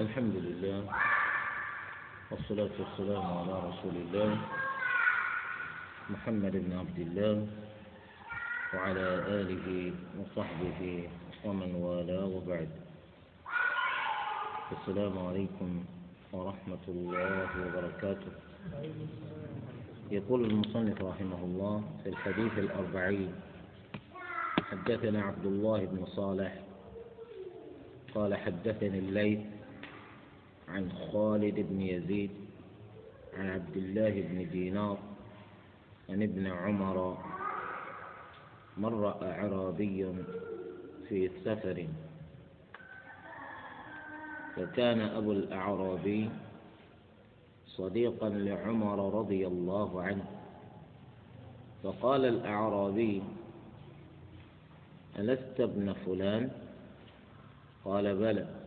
الحمد لله والصلاة والسلام على رسول الله محمد بن عبد الله وعلى آله وصحبه ومن والاه وبعد السلام عليكم ورحمة الله وبركاته يقول المصنف رحمه الله في الحديث الأربعين حدثنا عبد الله بن صالح قال حدثني الليث عن خالد بن يزيد عن عبد الله بن دينار عن ابن عمر مر اعرابيا في سفر فكان أبو الأعرابي صديقا لعمر رضي الله عنه فقال الأعرابي ألست ابن فلان قال بلى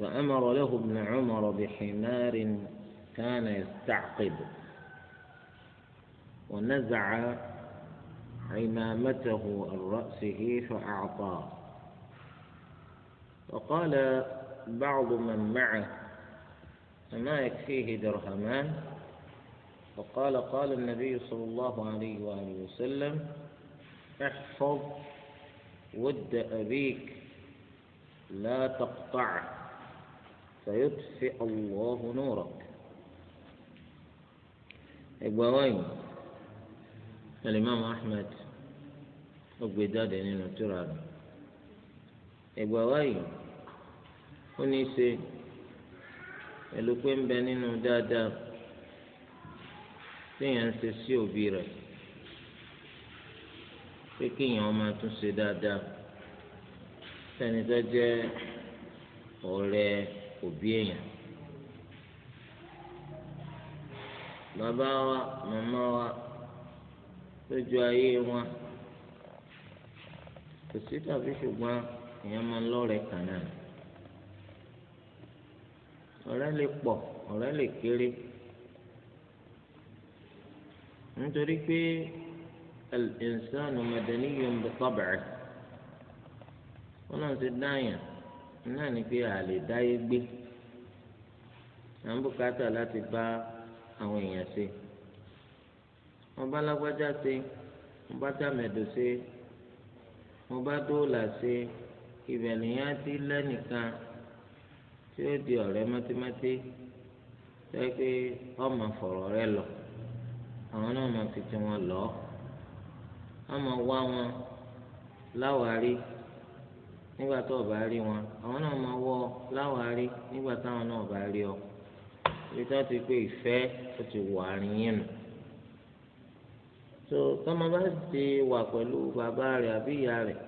فأمر له ابن عمر بحمار كان يستعقب ونزع عمامته عن رأسه فأعطاه فقال بعض من معه فما يكفيه درهمان فقال قال النبي صلى الله عليه وآله وسلم احفظ ود أبيك لا تقطعه سيطفئ الله نورك إبواوين الإمام أحمد أبداد إنه ترى إبواوين ونيسي ẹlòpẹ́ ń bẹ nínú dáadáa téèyàn ń ṣe sí òbí rẹ̀ pé kéèyàn ọmọ tún ṣe dáadáa sẹ́ni tó jẹ́ ọ̀rẹ́ ẹ̀ òbí èèyàn bàbá wa màmá wa lójú ayé wọn kò sí tàbí ṣùgbọ́n èèyàn máa ń lọ́rẹ̀ẹ́ kan náà lè pọ̀ ọ̀rẹ́ lè kéré nítorí pé al-insanu madaniyun bi tab'ihi wọn náà ti dáyàn náà ni pé a lè dáyé gbé à ń bùkátà láti bá àwọn èèyàn ṣe wọn bá lágbájá ṣe wọn bá dàmẹ̀dọ̀ ṣe wọn bá dóòlà ṣe ibẹ̀ nìyẹn ti lẹ́nìkan tí ó di ọ̀rẹ́ mọ́tímọ́tí tẹ́ pé ọmọ fọ̀rọ̀ rẹ lọ àwọn náà máa fi tiwọn lọ ọmọ wá wọn láwárí nígbà tó o bá rí wọn àwọn náà máa wọ láwàárí nígbà táwọn náà bá rí ọ ibi tí wọ́n ti pé ìfẹ́ ó ti wà àárín yín nù tó tọ́mọ bá ti wà pẹ̀lú bàbá rẹ̀ àbí ìyá rẹ̀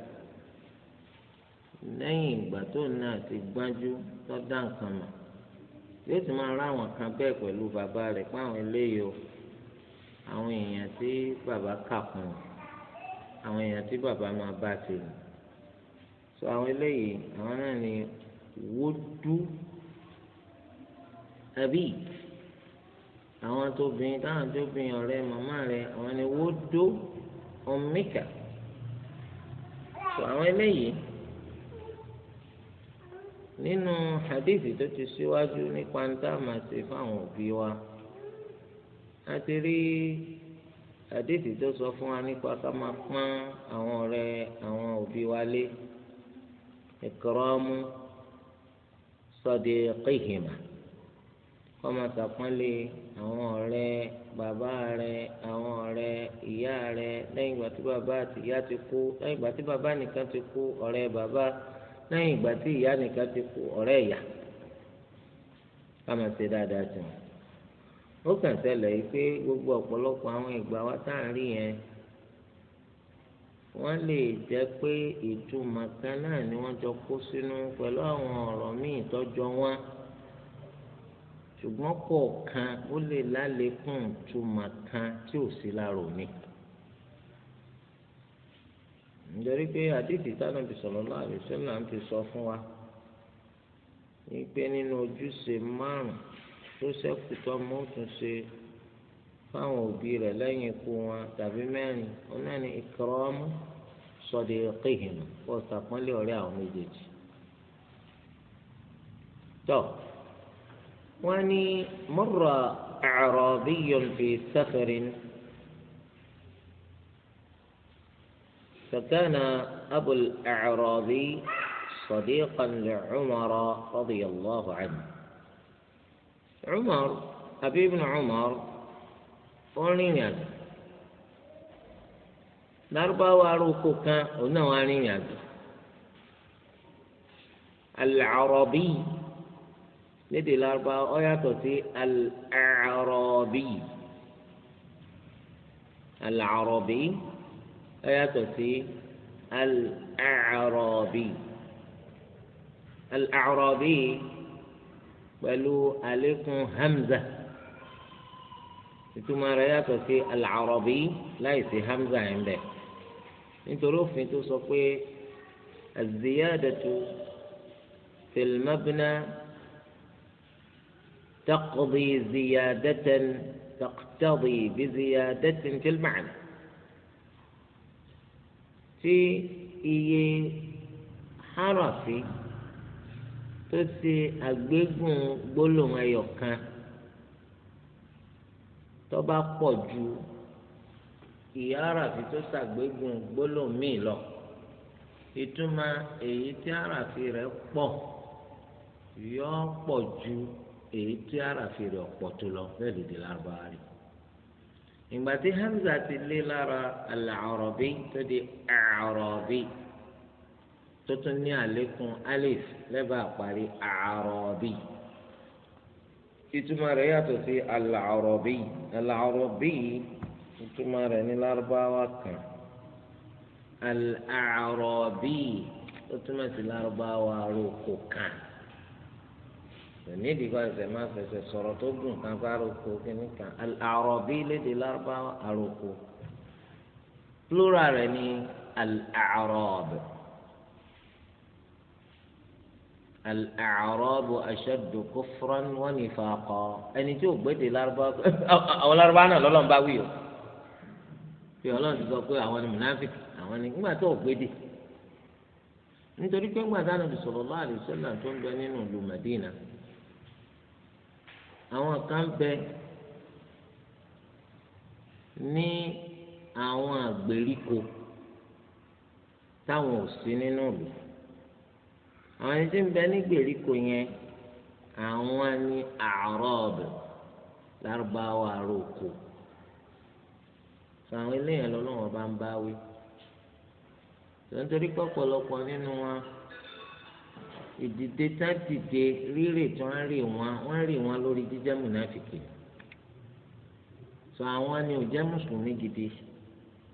lẹ́yìn ìgbà tó náà ti gbájú tó nǹkan mọ̀ yóò ti máa rá àwọn kan bẹ́ẹ̀ pẹ̀lú bàbá rẹ̀ pé àwọn eléyìí o àwọn èèyàn tí bàbá kà kún àwọn èèyàn tí bàbá máa bá ti rìn so àwọn eléyìí àwọn náà ni wúdú àbí àwọn tó bìn táwọn tó bìn ọ̀rẹ́ màmá rẹ̀ àwọn ni wúdú ọmíkà so àwọn eléyìí nínú hadithi tó ti síwájú nípa ń tá a máa ṣe fáwọn òbí wa a ti rí hadithi tó sọ fún wa nípa ká máa pọ́n àwọn ọ̀rẹ́ àwọn òbí wa lé. إكرام صديقهما kọ́mọ sàpọ́nlé àwọn ọ̀rẹ́ bàbá rẹ̀ àwọn ọ̀rẹ́ ìyá rẹ̀ lẹ́yìn ìgbà tí bàbá àti ìyá ti kú lẹ́yìn ìgbà tí bàbá nìkan ti kú ọrẹ bàbá lẹ́yìn ìgbà tí ìyá nìkan ti gbogbo ọ̀pọ̀lọpọ̀ àwọn ìgbà wa tá à wọ́n lè jẹ́ pé ìtumọ̀ kan náà ni wọ́n jọ kó sínú pẹ̀lú àwọn ọ̀rọ̀ míì tọ́jọ́ wọn ṣùgbọ́n kọ̀ọ̀kan ó lè lálékún ìtumọ̀ kan tí ò sí láàrò mi. nítorí pé àdìsí tánàbì sallallahu alaihi wasallam ń fi sọ fún wa ní pé nínú ojúṣe márùn-ún tó ṣẹ́kù tó mọ́tún ṣe fáwọn òbí rẹ̀ lẹ́yìn ikú wọn tàbí mẹ́rin ọ̀nà ni ìkírọ́mù sọ̀dẹ̀ẹ́kìhìn kó sàpọ́nlé ọ̀rẹ́ àwọn méjèèjì. tó wọ́n ní mọ́rọ̀ ẹrọ bí أعرابي في سفر فكان أبو الأعرابي صديقا لعمر رضي الله عنه عمر أبي بن عمر ó ń rìnrìn àjò lárúbáwá aróko kan òun náà wá rìnrìn àjò alàrọ̀bí lédè lárúbáwá ó yàtọ̀ sí alàrọ̀bí alàrọ̀bí ó yàtọ̀ sí alàrọ̀bí alàrọ̀bí pẹ̀lú àlékún hamza ìtumọ̀ rẹ̀ yàtọ̀ sí al-Arabi láìsí hamza ẹ̀ ń bẹ̀ nítorí òfin tó sọ pé az-ziyadatu fil mabna taqdi ziyadatan taqtadi bi ziyadatin fil ma'na tí iye harafi tó ṣe àgbégùn gbólóhùn ẹyọ kan tọ́ba pọ̀ ju ìyá àràfi tó ṣàgbégun gbólóhùn míì lọ ìtumọ̀ èyí tí àràfi rẹ̀ pọ̀ yọ pọ̀ ju èyí tí àràfi rẹ̀ pọ̀ tó lọ bẹ́ẹ̀ lè di lárúbáwá ìgbà tí hamza ti lé lára al tó di Arabi tó tún ní àlékún alif lẹ́bàá parí Arabi ìtumọ̀ rẹ̀ yàtọ̀ sí al-Arabi al-Arabi ìtumọ̀ rẹ̀ ní lárúbáwá kan al-Arabi ó túmọ̀ sí lárúbáwá aróko kan nídìí kan ẹsẹ̀ máa fẹsẹ̀ sọ̀rọ̀ tó gùn kan fún aróko kìíní kan al-Arabi lárúbáwá aróko plural rẹ̀ ní al-Arab. al al-a'rabu ashaddu kufran wa nifaqa ẹni tí ò gbéde lárúbá àwọn lárúbá náà lọ́lọ́run bá wí o fi ọlọ́run ti sọ pé àwọn ni mùnáfíkì àwọn ni nígbà tó ò gbéde nítorí pé ńgbà dáná bí sallallahu alaihi wasallam tó ń bẹ nínú ìlú Madina àwọn kan bẹ ní àwọn àgbèríko táwọn ò sí nínú ìlú àwọn ẹni tí ń bẹ ní gbèríko yẹn àwọn ni àrọ́ọ̀bù lárúbáwá àròkò sọ àwọn eléyàn lọ́lọ́wọ́n bá ń báwí nítorí pọ̀pọ̀lọpọ̀ nínú wọn ìdìde tá dìde rírè tí wọ́n rè wọ́n wọ́n rè wọ́n lórí jíjẹ́ mùnáfìkì sọ àwọn ni ò jẹ́ mùsùlùmí gidi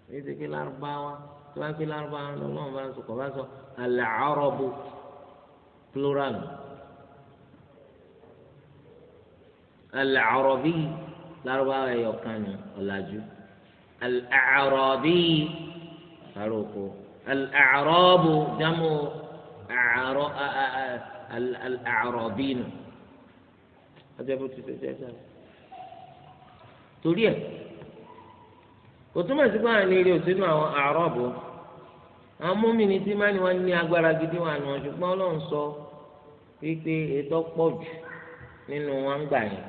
ní ti pé lárúbáwá tí wọ́n á lárúbáwá lọ́lọ́wọ́n bá ń sọ kọ́ bá sọ àlẹ́ àrọ́bù plural al-Arabi lárúbáwá ẹ̀yọ̀ kan ní ọ̀làjú al-Arabi àròkọ al-Arabu jamu al-Arabi nù ọjọ́ bó ti ṣe jẹ́ sáré torí ẹ̀ kò túmọ̀ sí pé àwọn ilé òsínú àwọn àrọ́bù àwọn mọ́mìnì tí máa ní wọn ní agbára gidi wọn àná ṣùgbọ́n ọlọ́run sọ wípé ètò pọ̀ jù nínú wọn ń gbà yẹn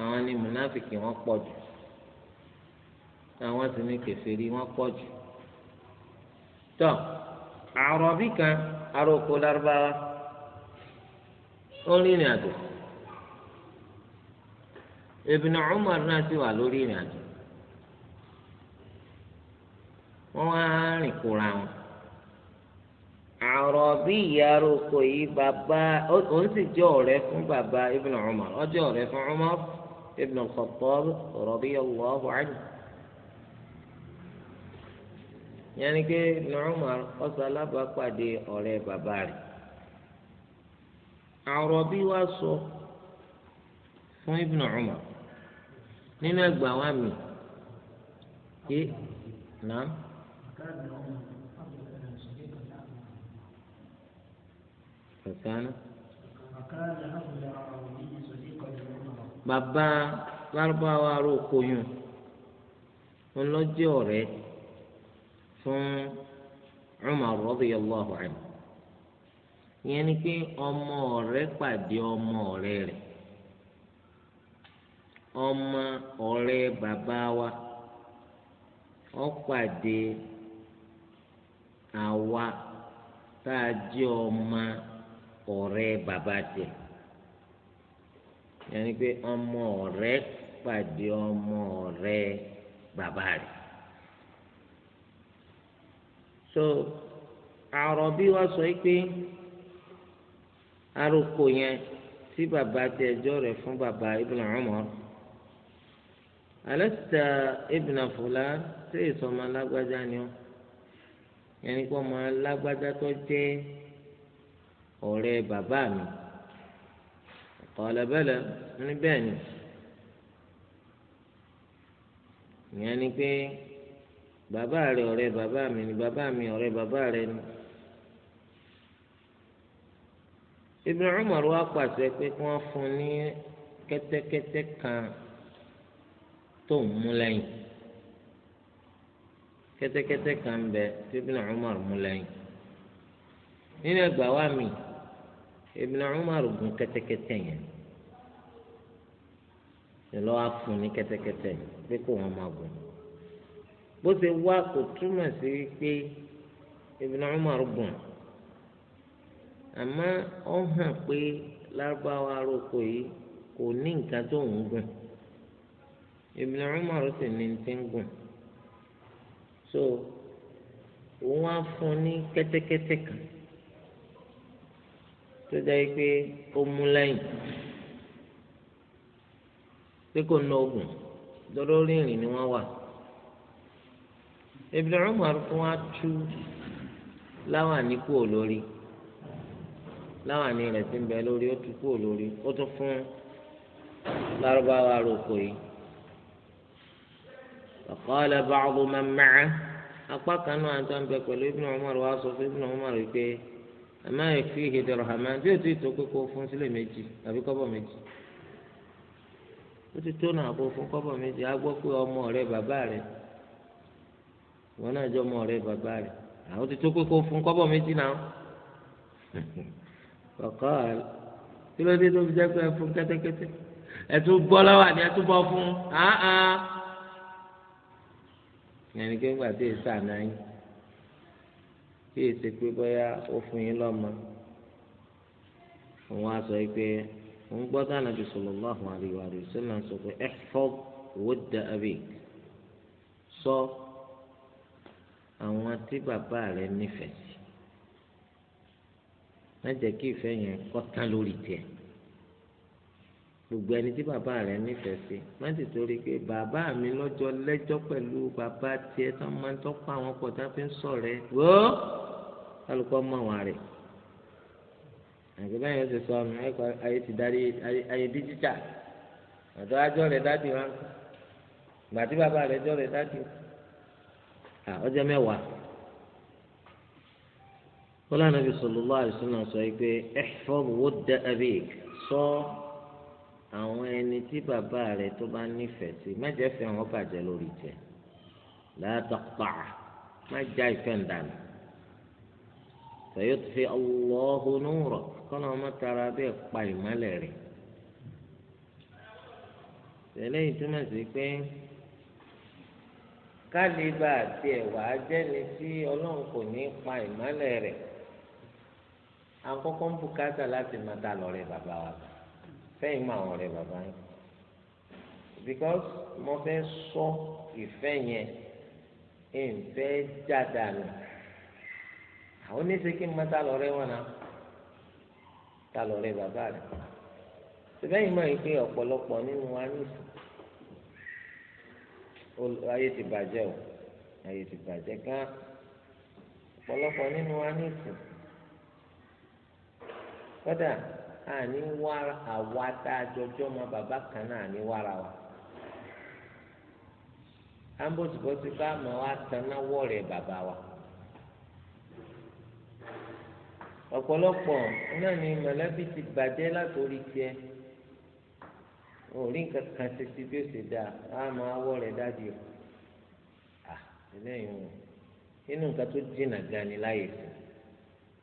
àwọn ni mùnáfìkì wọn pọ̀ jù àwọn sì ní kèfèrí wọn pọ̀ jù tọ́ àròbí kan aróko lárúbáwá ó rìnrìn àjò Ibn Umar náà sì wà lórí ìrìn àjò. wọ́n wá rìn kóra wọn àròbí ìyàrá oko yìí bàbá òun sì fún bàbá ibn Umar ó jẹ́ ọ̀rẹ́ fún Umar ibn pé Umar alábàápàdé bàbá sọ fún Umar nínú ẹgbàá فكان فكان أبو العربي ọrụ لعمر بابا lárúbáwá aróko dị ńlọjẹ ọ̀rẹ́ fún Umar radiyallahu anhu ìyẹn pé ọmọ pàdé ọmọ ọ̀rẹ́ rẹ̀ ọmọ ọ̀rẹ́ bàbá wa pàdé. àwa tá a jẹ́ ọmọ ọ̀rẹ́ bàbá tiẹ̀ yẹn ni pé ọmọ ọ̀rẹ́ pàdé ọmọ ọ̀rẹ́ bàbá rẹ̀ so àròbí wa sọ pé arúgbó yẹn tí bàbá tiẹ̀ jọ rẹ̀ fún bàbá Ibn Umar alẹ́ sita Ibn Fulan tí èso ọmọ alágbájá ni ó yẹn ni kó ọmọ alágbádá tó jẹ́ ọ̀rẹ́ bàbá mi ọ̀lẹ́bẹ̀lẹ̀ ní bẹ́ẹ̀ ni ìyẹn ni pé bàbá rẹ ọ̀rẹ́ bàbá mi ni bàbá mi ọ̀rẹ́ bàbá rẹ ni. Ibn Umar wa pàṣẹ pé kí wọ́n fún un ní kẹ́tẹ́kẹ́tẹ́ kan tó ń mú lẹ́yìn. kẹ́tẹ́kẹ́tẹ́ kan ń bẹ tí Ibn Umar mú nínú wa mi Umar gun lọ wá ní kẹ́tẹ́kẹ́tẹ́ pé kó wọn máa gùn bó ṣe wá kò túmọ̀ sí pé Umar àmọ́ hàn pé lárúbáwá aróko yìí kò ní nǹkan tó ń gùn so òun á fún ní kẹ́tẹ́kẹ́tẹ́ kan tó jẹ́ pé ó mú lẹ́yìn pé kò ná oògùn lọ́dọ́ rìnrìn ni wọ́n wà Ibn Umar fún wa tú láwàní kúrò lórí láwàní rẹ̀ ti ń bẹ lórí ó tún kúrò ó tún fún lárúbáwá roko yìí. فقال بعض من معه Akpa kan náà àti àǹbẹ na Ibn Umar wa sọ fún Ibn Umar pé ẹ̀ma ìfi ìhìdọ̀rọ̀ hàmà bí o ti tó kókó fún sílẹ̀ méjì àbí kọ́bọ̀ meji ti to náà kó fún kɔbɔ méjì agbɔ gbọ́ pé ọmọ rẹ̀ bàbá rẹ̀ wọn náà ti to kókó fún kɔbɔ méjì náà kọ̀kọ́ kí ló dé fi jẹ́ pé ìyẹn ni kéńgbà tí èsì àná yín èsì pé bóyá ó fún yín lọ́mọ òun á sọ pé òun gbọ́ dáná ju sallallahu alaihi wa sallam sọ pé ihfaz wudda abik sọ àwọn tí bàbá rẹ nífẹ̀ẹ́ sí má jẹ́ kí ìfẹ́ yẹn kó tán lórí tiẹ̀ gbogbo ẹni tí bàbá rẹ̀ nífẹ̀ẹ́ sí má ti torí pé bàbá mi lọ́jọ́ lẹ́jọ́ pẹ̀lú bàbá tiẹ̀ tó máa ń tọ́pọ̀ àwọn ọkọ̀ tá a fi ń ṣọ̀rẹ́ wó kálukọ́ mọ̀ wọn rẹ̀ àti báyìí ó ti sọ ọmọ ẹ̀kọ́ ayé ti darí ayé díjítà àtọ́ ajọ́ rẹ̀ dádì wọn gbà tí bàbá rẹ̀ jọ́ rẹ̀ dádì ọjọ́ mẹ́wàá kọ́lá nàbì sallallahu alaihi wasallam sọ pé ihfaz wudd abik sọ. So, àwọn ẹni tí bàbá rẹ̀ tó bá nífẹ̀ẹ́ sí mẹ́jẹ fẹ́ wọn bàjẹ́ lórí jẹ látọ̀pà má já ìfẹ́ ńdàmì sọyọ́tì fi ọlọ́hùn nùrọ̀ kọ́nà ọmọ tara bẹ́ẹ̀ pa ìmọ́lẹ̀ rẹ̀ tẹ̀lé ìtumọ̀ sí pé kálíbà àti ẹ̀wà jẹ́ni tí ọlọ́run kò ní pa ìmọ́lẹ̀ rẹ̀ akọ́kọ́ ń bùkátà láti máa ta lọ rẹ̀ bàbá wa kan sẹ́yìn mọ àwọn ọ̀rẹ́ bàbá yín because mo fẹ́ sọ ìfẹ́ yẹn ìfẹ́ jáda nù àwọn oníṣẹ́ kí n máa ta lọ́rẹ́ wọn náà ta lọ́rẹ́ bàbá rẹ̀ sẹ́yìn mọ̀ yìí pé ọ̀pọ̀lọpọ̀ nínú wa ní ìsìn ayé ti bàjẹ́ o ayé ti bàjẹ́ gan ọ̀pọ̀lọpọ̀ nínú wa ní ìsìn kódà. àní wára àwa tá a jọjọ́ ma bàbá kan náà àní wára wa ambosibosi ma bàbá wa ọ̀pọ̀lọpọ̀ náà ni ti bàjẹ́ látòrí tiẹ̀ orí nǹkan kan ti bí ó ṣe dáa á máa wọ̀rẹ̀ dájú à ẹlẹ́yìn o inú nǹkan tó jìnnà gan ni láyè sí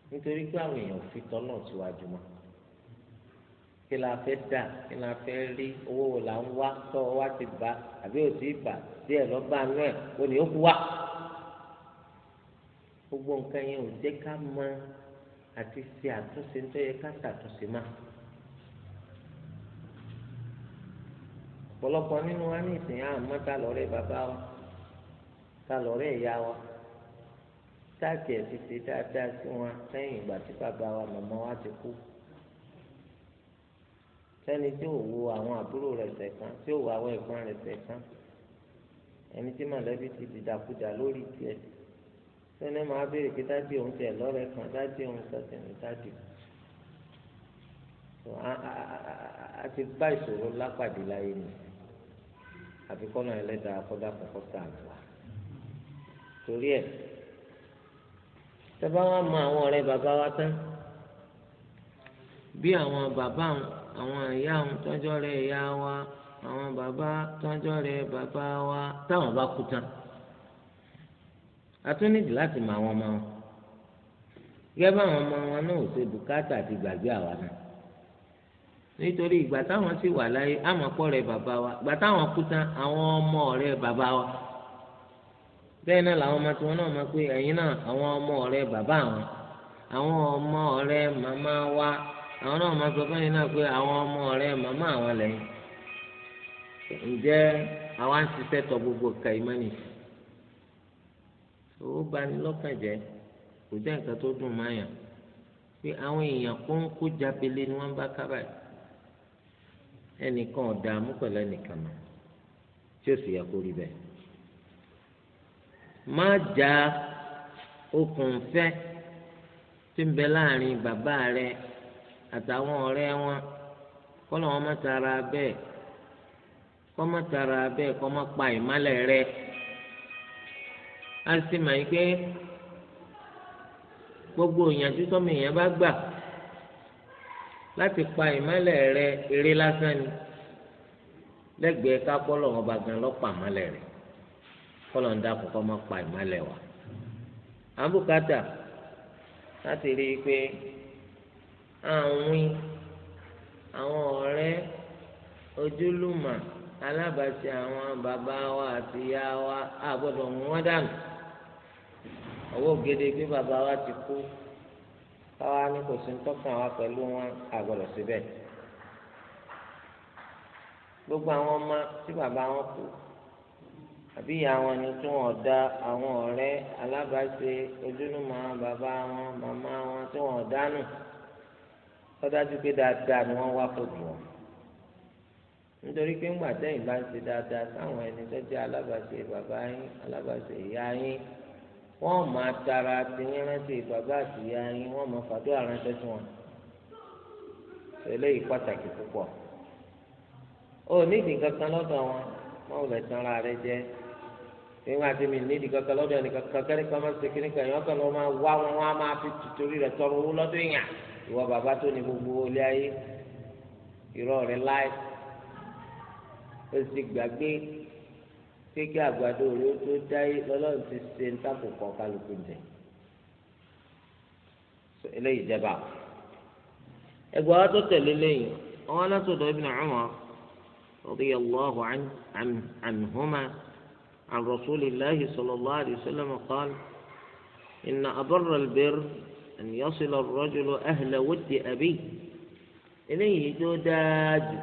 nítorí pé àwọn èèyàn síwájú kí la fẹ́ dà kí la fẹ́ rí owó wò là ń wá tọ́ wa ti bá àbí ò ti bà díẹ̀ lọ́ba nú ẹ̀ o ni ó kú wa. gbogbo nǹkan yẹn ò jẹ́ ká mọ àti ṣe àtúnṣe tó yẹ ká ṣàtúnṣe má. ọ̀pọ̀lọpọ̀ nínú wa ní ìsìn àmọ́ ta lọ́rẹ́ bàbá wa ta lọ́rẹ́ ìyá wa táàkì ẹ̀ ti ṣe dáadáa sí wọn lẹ́yìn ìgbà tí bàbá wa màmá wa ti kú sẹ́ni tí ò wo àwọn àbúrò rẹ̀ sẹ̀kan tí ò wo àwọn ẹ̀gbọ́n rẹ̀ sẹ̀kan ẹni tí mọ̀lẹ́bí ti dìdàkudà lórí tiẹ̀ sẹ́ni máa béèrè pé dájú òun tiẹ̀ lọ́rẹ̀ẹ́ kan dájú òun sọ̀tẹ̀ ní dájú a ti bá ìṣòro lápàdé láyé ni àfi kọ́nà ẹlẹ́dàá akọ́dá kọ́kọ́ sàánù wa torí ẹ̀ tẹ́ bá wá mọ àwọn ọ̀rẹ́ bàbá wa tán bí àwọn bàbá wọn àwọn ìyá àwọn tọ́jọ́ rẹ̀ ìyá wa àwọn bàbá tọ́jọ́ rẹ̀ bàbá wa táwọn bá kú tán a tún nídìí láti mọ àwọn ọmọ wọn gẹ́gẹ́ bá àwọn ọmọ wọn náà ò ṣe bùkátà àti gbàgbé àwa náà nítorí ìgbà táwọn sì wà láyé àmọ̀pọ̀ rẹ̀ bàbá wa ìgbà táwọn kú tán àwọn ọmọ ọ̀rẹ́ bàbá wa bẹ́ẹ̀ náà làwọn ọmọ tiwọn náà máa pé ẹ̀yin náà àwọn ọmọ ọ̀rẹ́ bàbá àwọn àwọn ọmọ ọ̀rẹ́ màmá wa àwọn náà máa sọ fẹ́yìn náà pé àwọn ọmọ ọ̀rẹ́ màmá àwọn lẹ́yìn ǹjẹ́ àwọn á ń ṣiṣẹ́ tọ gbogbo ka ìmọ̀nì owó bani lọ́kàn jẹ́ kò jẹ́ nǹkan tó dùn máyà pé àwọn èèyàn kó ń kó jábele ni wọ́n bá kábà ẹnìkan ọ̀dààmú pẹ̀lú ẹnìkan mọ́ tí ó sì yẹ kó rí bẹ́ẹ̀ má já okùn fẹ́ tí ń bẹ láàrin bàbá rẹ̀ àtàwọn ọ̀rẹ́ wọn kọ́lọ̀ wọn má tara bẹ́ẹ̀ kọ́ má tara bẹ́ẹ̀ kọ́ má pa ìmálẹ̀ rẹ a sì mọ̀ yìí pé gbogbo ìyànjú tọ́mọ èèyàn bá gbà láti pa ìmálẹ̀ rẹ eré lásán ni lẹ́gbẹ̀ẹ́ ká kọ́lọ̀ wọn bá gan lọ́pàá ìmálẹ̀ rẹ kọ́lọ̀ ń dákun kọ́ má pa ìmálẹ̀ wa àbùkátà láti rí i pé àwìn àwọn ọ̀rẹ́ ojúlùmọ̀ alábàáṣe àwọn bàbá wa àti ìyá wa a gbọ́dọ̀ mú wọn dànù owó gèdè gbé bàbá wa ti kú káwa ní kò sí tọ́kàn wa pẹ̀lú wọn a gbọ́dọ̀ síbẹ̀ gbogbo àwọn ọmọ tí bàbá wọn kú àbí ìyá wọn ni tí wọn dá àwọn ọ̀rẹ́ alábàáṣe ojúlùmọ̀ bàbá wọn màmá wọn tí wọn dánù ọdájú pé dáadáa ni wọ́n wá fojú wọn nítorí pé ńgbà tẹ́yìn bá ń ṣe dáadáa sáwọn ẹni tó jẹ́ alábàṣe bàbá yín alábàṣe ìyá yín wọ́n máa tara ti yín rántí bàbá àti ìyá yín wọ́n máa fàdúrà ránṣẹ́ sí wọn eléyìí pàtàkì púpọ̀ ó nídìí kankan lọ́dọ̀ wọn wọn ò lè tan ara rẹ jẹ ìwọn àti mi nídìí kankan lọ́dọ̀ ẹnì kankan kẹ́ni máa ṣe kíní kan ìwọn máa wá wọn wọn á máa fi tìtorí rẹ tọrọ owó lọ́dọ̀ ìyàn. ìwọ bàbá tó ní gbogbo ilé ayé irọ́ rẹ láì ó sì gbàgbé pé kí àgbàdo rẹ ó tó dáyé lọ́lọ́run ti ṣe ń tàkùkọ kálukú jẹ eléyìí jẹba ẹgbẹ́ wa tó tẹ̀lé lẹ́yìn àwọn alásòdò Ibn Umar radiyallahu anhuma an rasulillahi sallallahu alayhi wa sallam qaal inna abarra al-birr. أن يصل الرجل أهل ود أبيه إليه جداد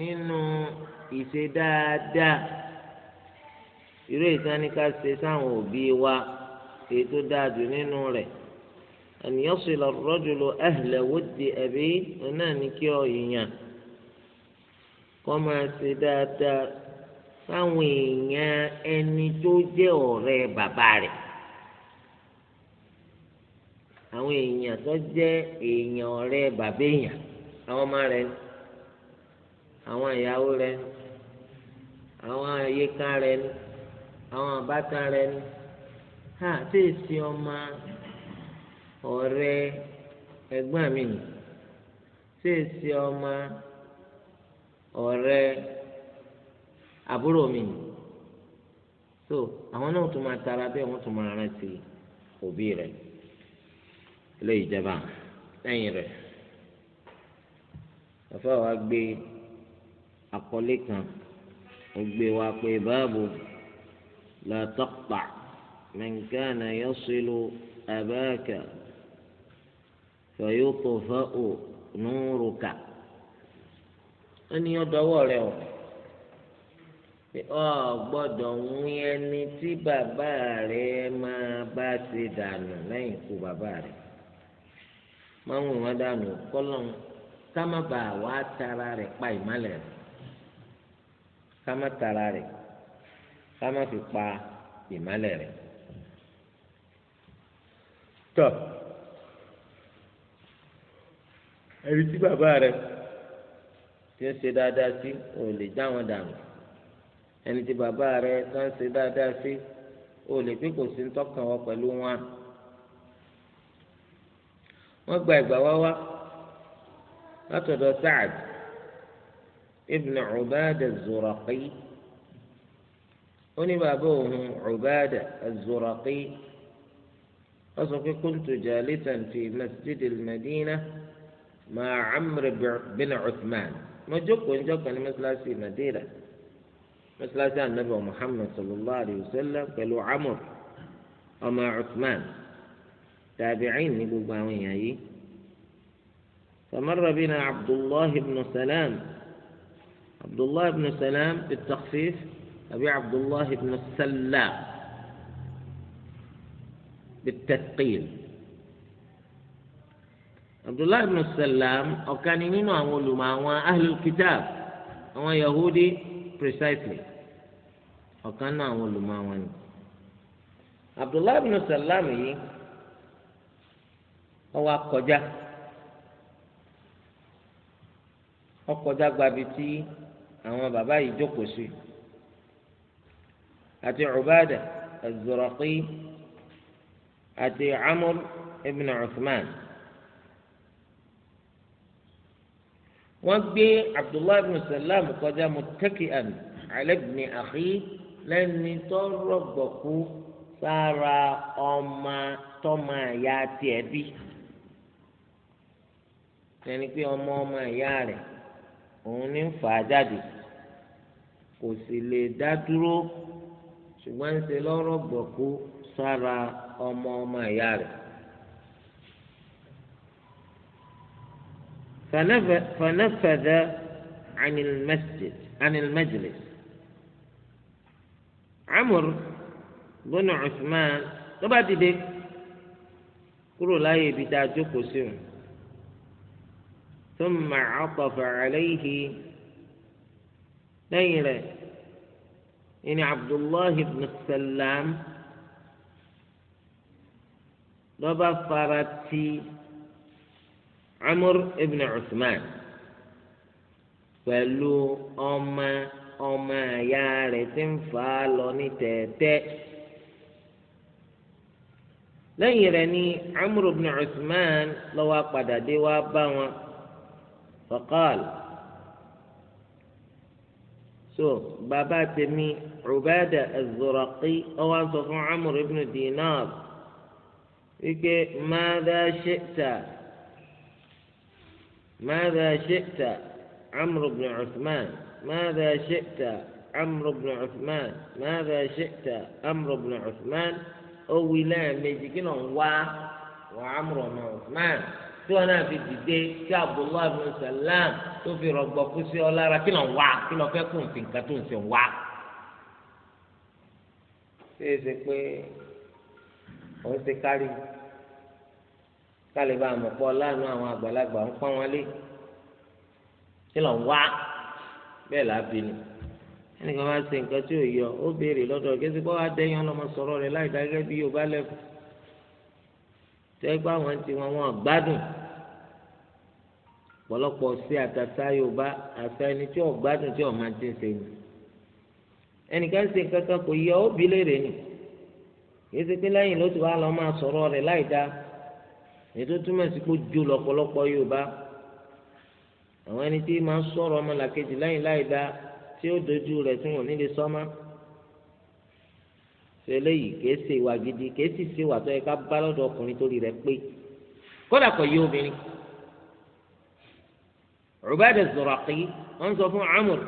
nínú ìṣe dáadáa irú ìtaníká ṣe sáwọn òbí wa èyí tó dáa jù nínú rẹ̀ an yasila ar-rajulu ahla wuddi abihi náà ní kí ọ̀yìnyàn kọ́ máa ṣe dáadáa sáwọn èèyàn ẹni tó jẹ́ ọ̀rẹ́ bàbá rẹ̀ àwọn èèyàn tó jẹ́ èèyàn ọ̀rẹ́ bàbá èèyàn àwọn ọmọ rẹ̀ ni àwọn ìyàwó rẹ̀ ni àwọn àyíká rẹ̀ ni àwọn àbátan rẹ̀ ni ha tí èsì ọmọ ọ̀rẹ́ ẹ̀gbọ́n mi nì tí èsì ọmọ ọ̀rẹ́ àbúrò mi nì so àwọn náà tún máa tara bẹ́ẹ̀ wọ́n tún máa rántí òbí rẹ̀ ni ilé ìjọba lẹ́yìn rẹ̀ ọ̀fẹ́ wa gbé àkọlé kan ó gbé wa pé báàbò la taqta' man kana yasilu abaka fayutfa'u nuruka ó ní ọdọwọ rẹ o ọ gbọ́dọ̀ ń ẹni tí bàbá rẹ máa bá ti dànù lẹ́yìn ikú bàbá rẹ máa ń wò wọ́n dànù kọ́lọ́n kámábà wà á tara rẹ̀ pa ìmálẹ̀ rẹ̀ kámá tara rẹ̀ kámá fi pa ìmálẹ̀ rẹ̀ tọ́ ẹni tí bàbá rẹ̀ ti ń ṣe dáadáa sí ò lè já wọn dànù ẹni tí bàbá rẹ̀ ti ń ṣe dáadáa sí ò lè pé kò sí ń tọkàn wọn pẹ̀lú wọn. wọ́n gba ẹ̀gbà wá wá látọ̀dọ̀ Sa'ad ibn Ubada az-Zuraqi ó ní bàbá òun Ubada az wọ́n sọ pé kuntu jalisan fi masjid al-Madina ma'a Amr bin Uthman mo jókòó ń jókòó ní masalasi Madina masalasi anabi Muhammad sallallahu alayhi wa sallam pẹ̀lú Amr ọmọ Uthman. تابعين لبوباوي وياي فمر بنا عبد الله بن سلام عبد الله بن سلام بالتخفيف أبي عبد الله بن السلام بالتثقيل عبد الله بن السلام أو كان من أقول ما هو أهل الكتاب هو يهودي precisely أو كان أقول ما هو عبد الله بن السلام wọ́n wá kọjá wọ́n kọjá gbabi tí àwọn bàbá yìí jókòó sí àti Ubada az-Zuraqi àti Amr ibn Uthman wọ́n gbé Abdullahi ibn Salam kọjá muttaki'an ala ibni akhi lẹ́ni tó rọ̀gbọ̀kú sára ọmọ tọ́mọ àyà tiẹ̀ bí ẹni pé ọmọ ọmọ ìyá rẹ̀ òun ní ń fà á jáde kò sì lè dá dúró ṣùgbọ́n ń ṣe lọ́rọ̀ gbọ̀kú sára ọmọ ọmọ ìyá rẹ̀. فنفذ عن المسجد عن المجلس عمر بن عثمان tó bá dìde kúrò láyé ibi tá jókòó sí òun ثم عطف عليه ليلة إن عبد الله بن السلام لبا فرتي عمر بن عثمان pẹ̀lú ọmọ ọmọ ìyá rẹ̀ tí ń fà á lọ ní tẹ̀tẹ̀. lẹ́yìn rẹ̀ ni amúrò bin usman lọ́wọ́ padà bá wọn. فقال شوف بابا تمي عبادة الزرقي أو أنصف عمرو بن دينار يكي ماذا شئت ماذا شئت عمرو بن عثمان ماذا شئت عمرو بن عثمان ماذا شئت عمرو بن عثمان أو لا ميجي وعمرو بن عثمان tí wọn náà fi dìde tí Abdullahi bin Salam tó fi rọgbọ kú sí ọ lára kí lọ wá kí lọ fẹ́ kó nǹkan nǹkan tó ń sè wá. ṣé é ṣe pé òun ṣe kárí kálí bá àmọ̀ pọ̀ láàánú àwọn àgbàlagbà ń pọ́n wọn lé kí lọ wá bẹ́ẹ̀ lábínú ẹnì kan máa ṣe nǹkan tí ò yọ ó béèrè lọ́dọ̀ kí ẹ ti bọ́ wá dẹ́yìn ọlọ́mọ sọ̀rọ̀ rẹ̀ láì dágẹ́ bí yóò bá lẹ́kọ̀ọ́ tẹ́gbà wọn ti wọn wọn gbádùn pọ̀lọpọ̀ sí àtàtà yorùbá àṣà ẹni tí ò gbádùn tí ò máa ti ń ṣe ni ẹnìkan ṣe kankan kò yẹ ó bi léèrè ni yìí ti pé lẹ́yìn ló ti wá lọ máa sọ̀rọ̀ rẹ̀ láì dáa ètò túmọ̀ sí pé jó lọ́pọ̀lọpọ̀ yorùbá àwọn ẹni tí máa ń sọ̀rọ̀ ọmọlàkejì lẹ́yìn láì dáa tí ó dojú rẹ̀ tí wọn ò ní lè sọ́mọ́ ṣe eléyìí kìí ṣe ìwà gidi kìí sì ṣe ìwà tó yẹ ká bá lọ́dọ̀ ọkùnrin torí rẹ̀ pé kódà kò yé obìnrin. Ubadah az-Zuraqi wọ́n sọ fún Amr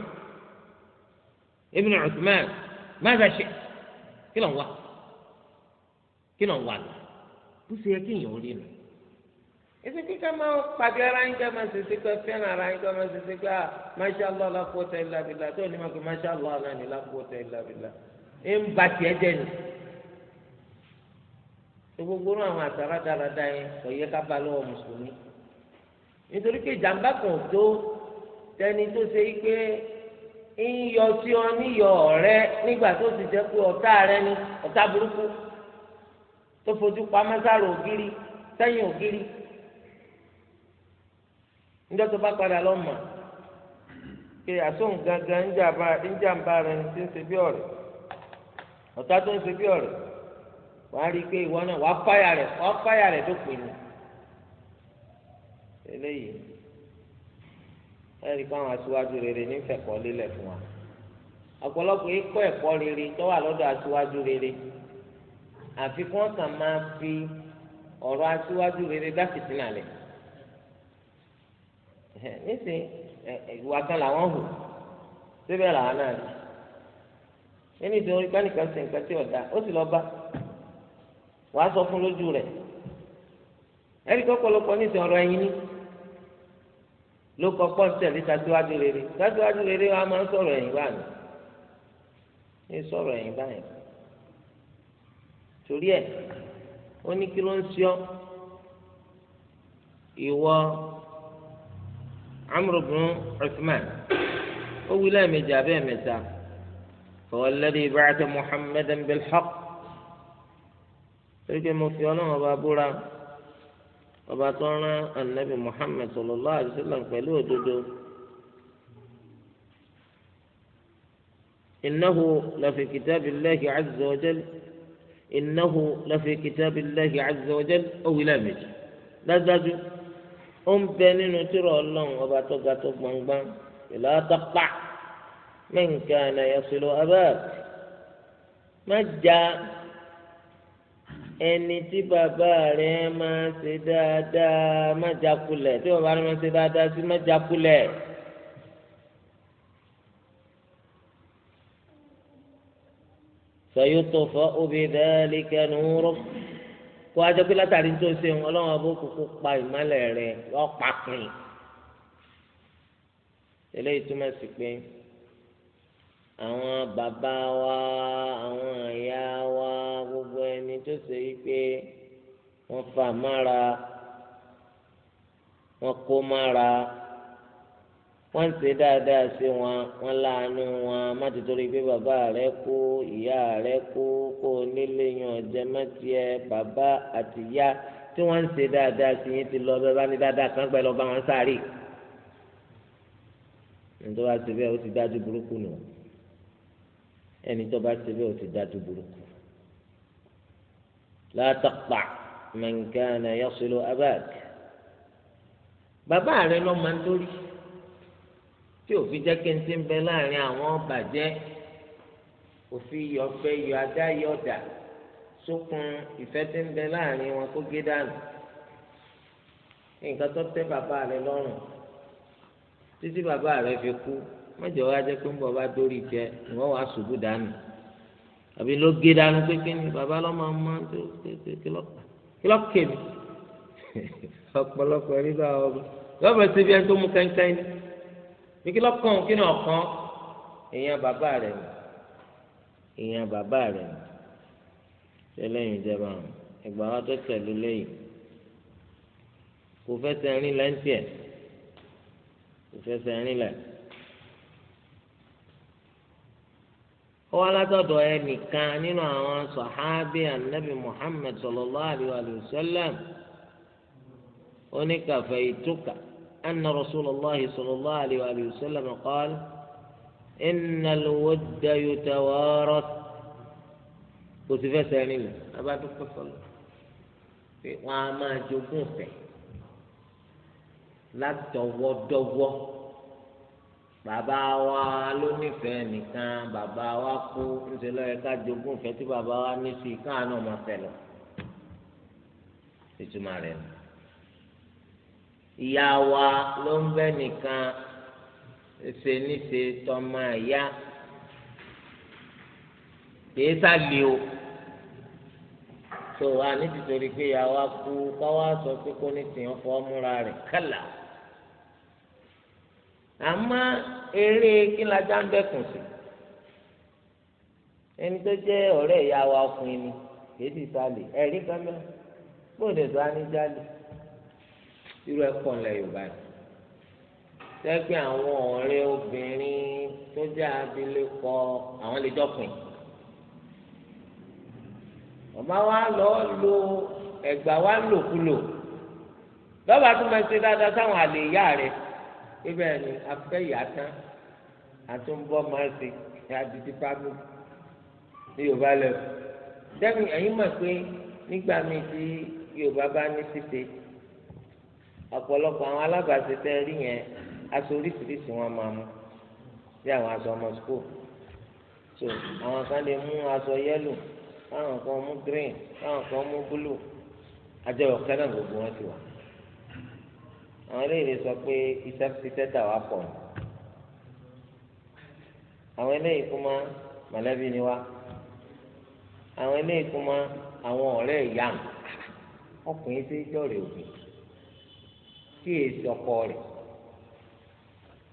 ibn Uthman madha shi kí ló ń wá kí ló ń wá lọ bó ṣe yẹ kí èèyàn rí nù. èsì kíkà máa pàdé ara yín ká máa ṣèṣe pé fẹ́ràn ara yín ká máa ṣèṣe pé ah, masha Allah la quwwata illa billah tó ní ma pé masha Allah náà ní la quwwata ń ba tiẹ̀ jẹ́ ni gbogbo náà àwọn àtàrà dáradá yẹn kò yẹ ká ba lọ́wọ́ mùsùlùmí nítorí pé ìjàmbá kan tó tẹni tó ṣe pé ń yọ sí ọ níyọ ọ̀rẹ́ nígbà tó ti jẹ́ pé ọ̀tá rẹ ni ọ̀tá burúkú tó fojú pamọ́ sára ògiri sẹ́yìn ògiri níjọ́ tó bá padà lọ mọ̀ pé àsóhùn gangan ń jàmbá rẹ ní ti ń ṣe bí ọ̀rẹ́ ọ̀tá tó ń ṣe bí ọ̀rẹ́ wàá rí i pé ìwọ náà wàá fáyà rẹ̀ wàá fáyà rẹ̀ tó pinnu eléyìí ẹ̀rí pé àwọn aṣíwájú rere nífẹ̀ẹ́ kọ́ lélẹ̀ fún wa ọ̀pọ̀lọpọ̀ ikọ́ ẹ̀kọ́ rere tó wà lọ́dọ̀ aṣíwájú rere àfi kí wọ́n kàn máa fi ọ̀rọ̀ aṣíwájú rere dá fìtínà lẹ̀ nísìnyí ìwà kan làwọn hù síbẹ̀ làwọn náà rí. ẹni ìdí orí pẹ́ẹ́nìkan ṣe nǹkan tí ọ̀dà ó sì lọ bá wàá sọ fún lójú rẹ̀ ẹni kọ́kọ́lọ́kọ́ ní ìsìn ọ̀rọ̀ ẹ̀yìn ní ló kọ́ tàṣíwájú rere tàṣíwájú rere wa máa ń sọ̀rọ̀ ẹ̀yìn báyìí ní sọ̀rọ̀ ẹ̀yìn báyìí torí ẹ̀ ó ní kí ló ń ṣe ìwọ هو الذي بعث محمدا بالحق تجي مسيونا وبابورا وباتونا النبي محمد صلى الله عليه وسلم قالوا دودو إنه لفي كتاب الله عز وجل إنه لفي كتاب الله عز وجل أو إلى مجد لا دادو أم بينين ترى الله وباتوغا تقبان لا تقطع man kana yasilu abak má jà ẹni tí bàbá rẹ̀ máa ṣe dáadáa má jà kulẹ̀ tí bàbá rẹ̀ máa ṣe dáadáa sí má jà kulẹ̀. sayutfa'u bidhalika nuruk kó a jẹ́ pé látàrí tó ṣe ń ọlọ́run abó kúkú pa ìmọ́lẹ̀ rẹ̀ yọ pa pin eléyìí túmọ̀ sí pé àwọn bàbá wa àwọn ìyá wa gbogbo ẹni tó ṣe wípé wọ́n fà mára wọ́n kó mára wọ́n ṣe dáadáa sí wọn wọ́n láàánú wọn má ti torí pé bàbá rẹ kú ìyá rẹ kú kó nílé yan ọjẹ mẹtìẹ bàbá àti ìyá tí wọ́n ń ṣe dáadáa sí yín ti lọ bẹ́ẹ̀ bá ní dáadáa kan gbẹ lọ bá wọn sáré nítorí àti bẹ́ẹ̀ ó ti dájú burúkú nù. No ẹni tó bá ṣe bẹ́ẹ̀ ó ti dájú burúkú la taqta man kana yasilu abak bàbá rẹ lọ́ máa ń dórí tí òfin jẹ́ kí n ti ń bẹ láàrin àwọn bàjẹ́ òfin yọ fẹ́ yọ adá yọ dà sókun ìfẹ́ ti ń bẹ láàrin wọn kó gé dànù nǹkan tó tẹ́ bàbá rẹ lọ́rùn títí bàbá rẹ fi kú mẹjọ wa jẹ pé ń bọ̀ bá dórí jẹ ìwọ́n wàá ṣubú dànù àbí ló gé dànù pé kí ni bàbá lọ́mọ ọmọ tó kí lọ́ọ́ kè mí ọ̀pọ̀lọpọ̀ nígbà ọba lọ́bẹ̀ síbi ẹni tó mú kẹ́ńkẹ́ń ní kí lọ́kàn kí ni ọ̀kan èèyàn bàbá rẹ̀ nù èèyàn bàbá rẹ̀ nù tẹ́lẹ̀yìn ìjẹba àwọn ẹgbàá wa tó tẹ̀lé lẹ́yìn kò fẹsẹ̀ rìn lẹ́ńtì ẹ̀ kò fẹsẹ̀ rìn lẹ́ńtì. wọ́n látọ̀dọ̀ ẹnìkan nínú àwọn sọ̀hábí anabi muhammed sallallahu alayhi wa sallam oníkàfẹ́ ìtúkà anna rasulallah sallallahu alayhi wa sallam qaal inna alwadda yutawarath kò sí fẹsẹ̀ ẹni lẹ̀ abádúpẹ́ sọlọ pé wọ́n á máa jogún fẹ̀ látọwọ́dọ́wọ́. bàbá wa ló nífẹ̀ẹ́ nìkan bàbá wa kú ńṣe lọ́yẹ ká jogún ìfẹ́ tí bàbá wa ní sí i káàánú ọmọ fẹ́ lọ ìtumọ̀ rẹ̀ nù ìyá wa ló ń bẹ nìkan ṣe níṣe tọmọ ìyá kìí sálẹ o tó wa ní pé ìyá wa kú káwá sọ pé kó ní tìyàn múra rẹ̀ kálá àmọ́ eré kí la já ń dẹ́kun sí ẹni tó jẹ́ ọ̀rẹ́ ìyá wa ọkùnrin ni kéde ìsàlẹ ẹrí kámẹ bóde tó anijálẹ irú ẹ̀kọ́ ńlẹ Yorùbá ni sẹgbẹ àwọn ọ̀rẹ́ obìnrin tó jẹ́ abilékọ àwọn lè jọpin ọba wa lọ lo ẹgbà wa lòkulò lọba tó máa ṣe dáadáa sáwọn àlè ìyá rẹ̀ ibẹ̀ ni afẹ́ yàtá àtúnbọ̀ máa ṣe àdìdì pàmì ní yorùbá lẹ́wọ̀ sẹ́mi ẹ̀yin mọ̀ pé nígbà míì tí yorùbá bá ní ṣíṣe ọ̀pọ̀lọpọ̀ àwọn alábàáṣe tẹ́ rí yẹn aṣọ oríṣiríṣi wọn máa mú bí àwọn aṣọ ọmọ sukùl so àwọn kan lè mú aṣọ yẹ́lò káwọn kan mú green káwọn kan mú búlù àjọyọ̀ kẹ́nà gbogbo wọn ti wà àwọn eléyìí sọ pé iṣẹ́ títẹ́ dà wá pọ̀ àwọn eléyìí kú mọ́ mọ̀lẹ́bí ni wá àwọn eléyìí kú mọ́ àwọn ọ̀rẹ́ ìyá mi ọkùnrin tí ìjọ rẹ̀ òbí kí èsì ọkọ rẹ̀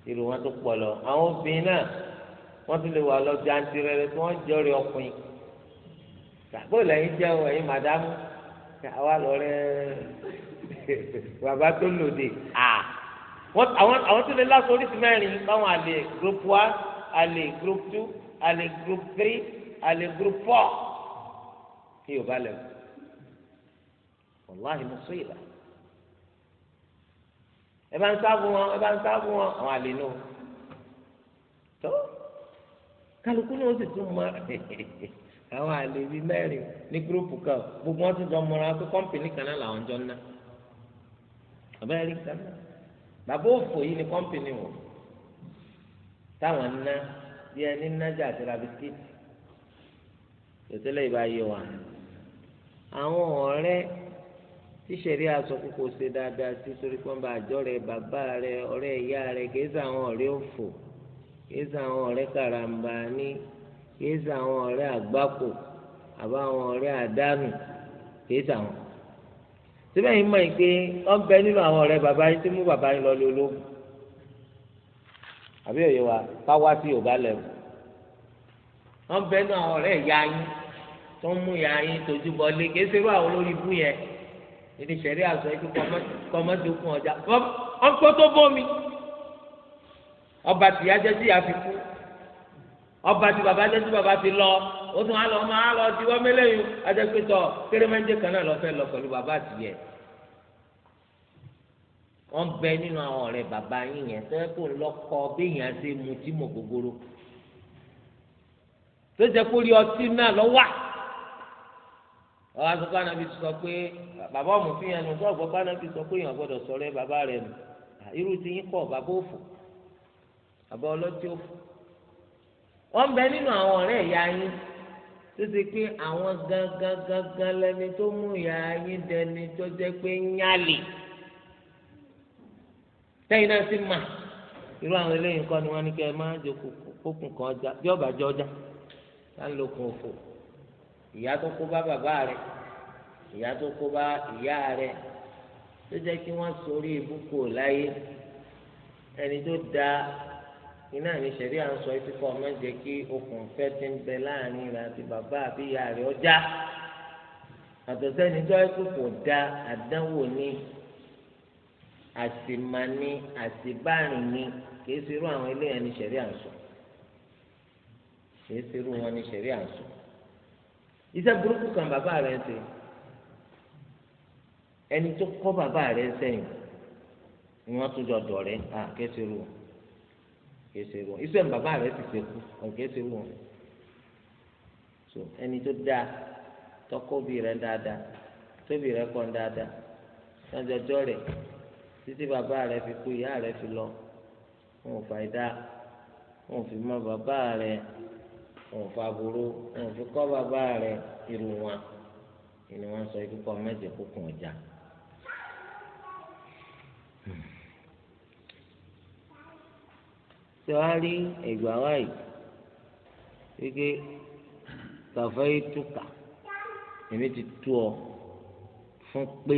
irun wọn tó pọ̀ lọ àwọn obìnrin náà wọ́n tún lè wà lọ jantirẹrẹ tí wọ́n jọ rẹ̀ ọkùnrin gbàgbọ́ lẹ́yìn jẹ́ ẹ̀yin màdámù àwa lọ rẹ̀ bàbá tó lòdì à àwọn tó lè lásọ oríṣi mẹ́rin báwọn àlè group one àlè group two àlè group three àlè group four kí yorùbá lẹ́nu wàláhì mùsùlùmí ẹ bá ń sáàbù wọn ẹ bá ń sáàbù wọn àwọn àlè náà tó kálukú ni wọn sì tún mọ àwọn àlè bíi mẹ́rin ní gúrúùpù kan gbogbo wọn tún jọ mọra pé kọ́ńpìnì kan náà làwọn jọ ń ná àbẹ rí nǹkan náà bàbá òfò yìí ni kọ́mpìnì wọ̀ táwọn ná bí ẹni nájà àti ra bisikíìtì tòtẹ́lẹ̀ ìbá yé wa àwọn ọ̀rẹ́ tíṣẹ̀rí aṣọ kókó ṣe dáadáa sí torí pé wọ́n bá àjọ rẹ̀ bàbá rẹ̀ ọ̀rẹ́ ìyá rẹ̀ kìí ṣe àwọn ọ̀rẹ́ òfò kìí ṣe àwọn ọ̀rẹ́ karambà ní kìí ṣe àwọn ọ̀rẹ́ àgbákò àbáwọn ọ̀rẹ́ àdánù kìí ṣe àwọn síbẹ̀ yìí mọ̀ yìí pé ọgbẹ́ nínú àwọn ọ̀rẹ́ bàbá yìí tí mú bàbá yìí lọ lé ológun àbí òye wa ká wá sí yorùbá lẹ́wọ̀ wọ́n bẹ́ nínú àwọn ọ̀rẹ́ ìyá yín tó ń mú ìyá yín tójú bọ́ lé kí eserú àwọn olórí ibú yẹn ìdí sẹ̀rí àṣọ ikú kọ́mọ́dókun ọjà ọ̀pọ̀ tó bọ́ mi ọba tìyájẹ́ tí a fi kú ọba tí baba jẹ́ tí baba ti lọ ó tún á lọ máa lọ tí wọ́n mélòó adẹ́pẹ́tọ̀ kérémẹ́ńdé kan náà lọ fẹ́ lọ pẹ̀lú baba tiẹ̀ wọ́n bẹ nínú àwọn ọ̀rẹ́ baba yín yẹn tẹ́ kó lọ́kọ béèyàn ṣe mutí mọ̀ gbogbooro tó jẹ́ kó rí ọtí náà lọ́wọ́ ọba sọ́kọ́ anabi sọ pé bàbá ọ̀mù fi hàn ní ọgbọ́n ọgbọ́n anabi sọ pé èèyàn gbọ́dọ̀ sọ̀rọ̀ ẹ bàbá rẹ̀ nù irú ti yín kọ́ bàbá òfò bàbá ọlọ́tí òfò wọ́n bẹ nínú àwọn ọ̀rẹ́ ìyá yín tó ti pé àwọn gangan gangan lẹni tó mú ìyá yín dẹni tó jẹ́ pé ń yálè tẹ́yìn náà sì mà irú àwọn eléyìí kọ́ ni wọ́n ní kẹ́ ẹ máa jẹ kókùn kan ọjà bí ọba jẹ ọjà tá ń lokùn òfò ìyá tó kó bá bàbá rẹ ìyá tó kó bá ìyá rẹ tó jẹ́ kí wọ́n sorí ibùkún láyé ẹni tó da iná ní sẹ̀rí à ń sọ yìí kíkọ́ ọmọ jẹ́ kí okùn fẹ́ ti ń bẹ láàrin rẹ̀ àti bàbá àbí ìyá rẹ̀ ọjà àtọ̀sẹ́ni tó ẹ̀kú kò da àdánwò ni àsìmání àsìbárìn ni kì í ṣerú àwọn eléyàn ní sẹ̀rí à ń sọ kì í ṣerú wọn ní sẹ̀rí à ń sọ iṣẹ́ burúkú kan bàbá rẹ̀ ń ṣe ẹni tó kọ́ bàbá rẹ̀ sẹ́yìn ni wọ́n tún jọ dọ̀rẹ́ à kì í ṣerú wọn kìí ṣe wọn iṣẹ́ bàbá rẹ̀ sì ṣe kú ọ̀n kìí ṣe wọn. so ẹni tó da tọkọ́bì rẹ̀ dáadáa tóbì rẹ̀ kọ́ dáadáa lọ́jọ́jọ́ rẹ̀ títí bàbá rẹ̀ fi kú ìyá rẹ̀ fi lọ wọn ò fàìdá wọn ò fi mọ bàbá rẹ̀ wọn ò fa burú wọn ò fi kọ́ bàbá rẹ̀ irú wọn ni wọn sọ ikú kọ́ mẹ́jẹ̀ kó ọjà. Hmm. tẹwárí ẹgbàá wáyé wípé kàfẹ́ ìtúkà èmi ti tú ọ fún pé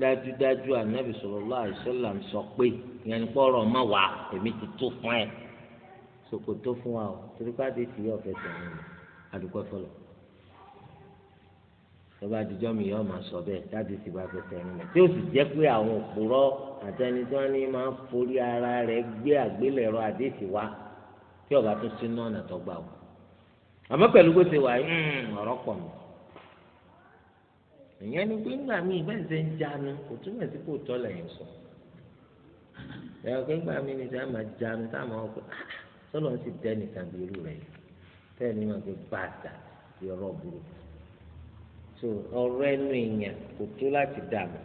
dájúdájú ànábì sallallahu alaihi wasallam ń sọ pé ìyẹn nípa ọ̀rọ̀ má wà èmi ti tú fún ẹ sòkòtò fún wa o torí pé àdéhùn yóò fẹsẹ̀ rìn àdúgbò fọlọ́ tọ́ba àdìjọ́ mi yọ máa sọ bẹ́ẹ̀ láti sì bá fẹsẹ̀ ẹni mọ̀ tí ó sì jẹ́ pé àwọn òpùrọ́ àtẹni tí wọ́n ní máa ń forí ara rẹ̀ gbé àgbélẹ̀rọ àdéhìí wá tí ọ̀gá tó sínú ọ̀nà tó gbà wọ́n àmọ́ pẹ̀lú bó ṣe wà yìí hmm, ọ̀rọ̀ pọ̀ mọ́ ìyẹn ni pé ńgbà míì bẹ́ẹ̀ ṣe ń jánu kò túmọ̀ sí kò tọ́ lẹ́yìn sọ ẹ̀rọ pé ńgbà míì ni sẹ́ máa jánu táwọn ọkọ̀ sọ́lọ́ sì tẹ́ nìkan bí irú rẹ̀ tẹ́ẹ̀ ní wọn so ọ̀rọ̀ ẹnu èèyàn kò tó láti dà mọ́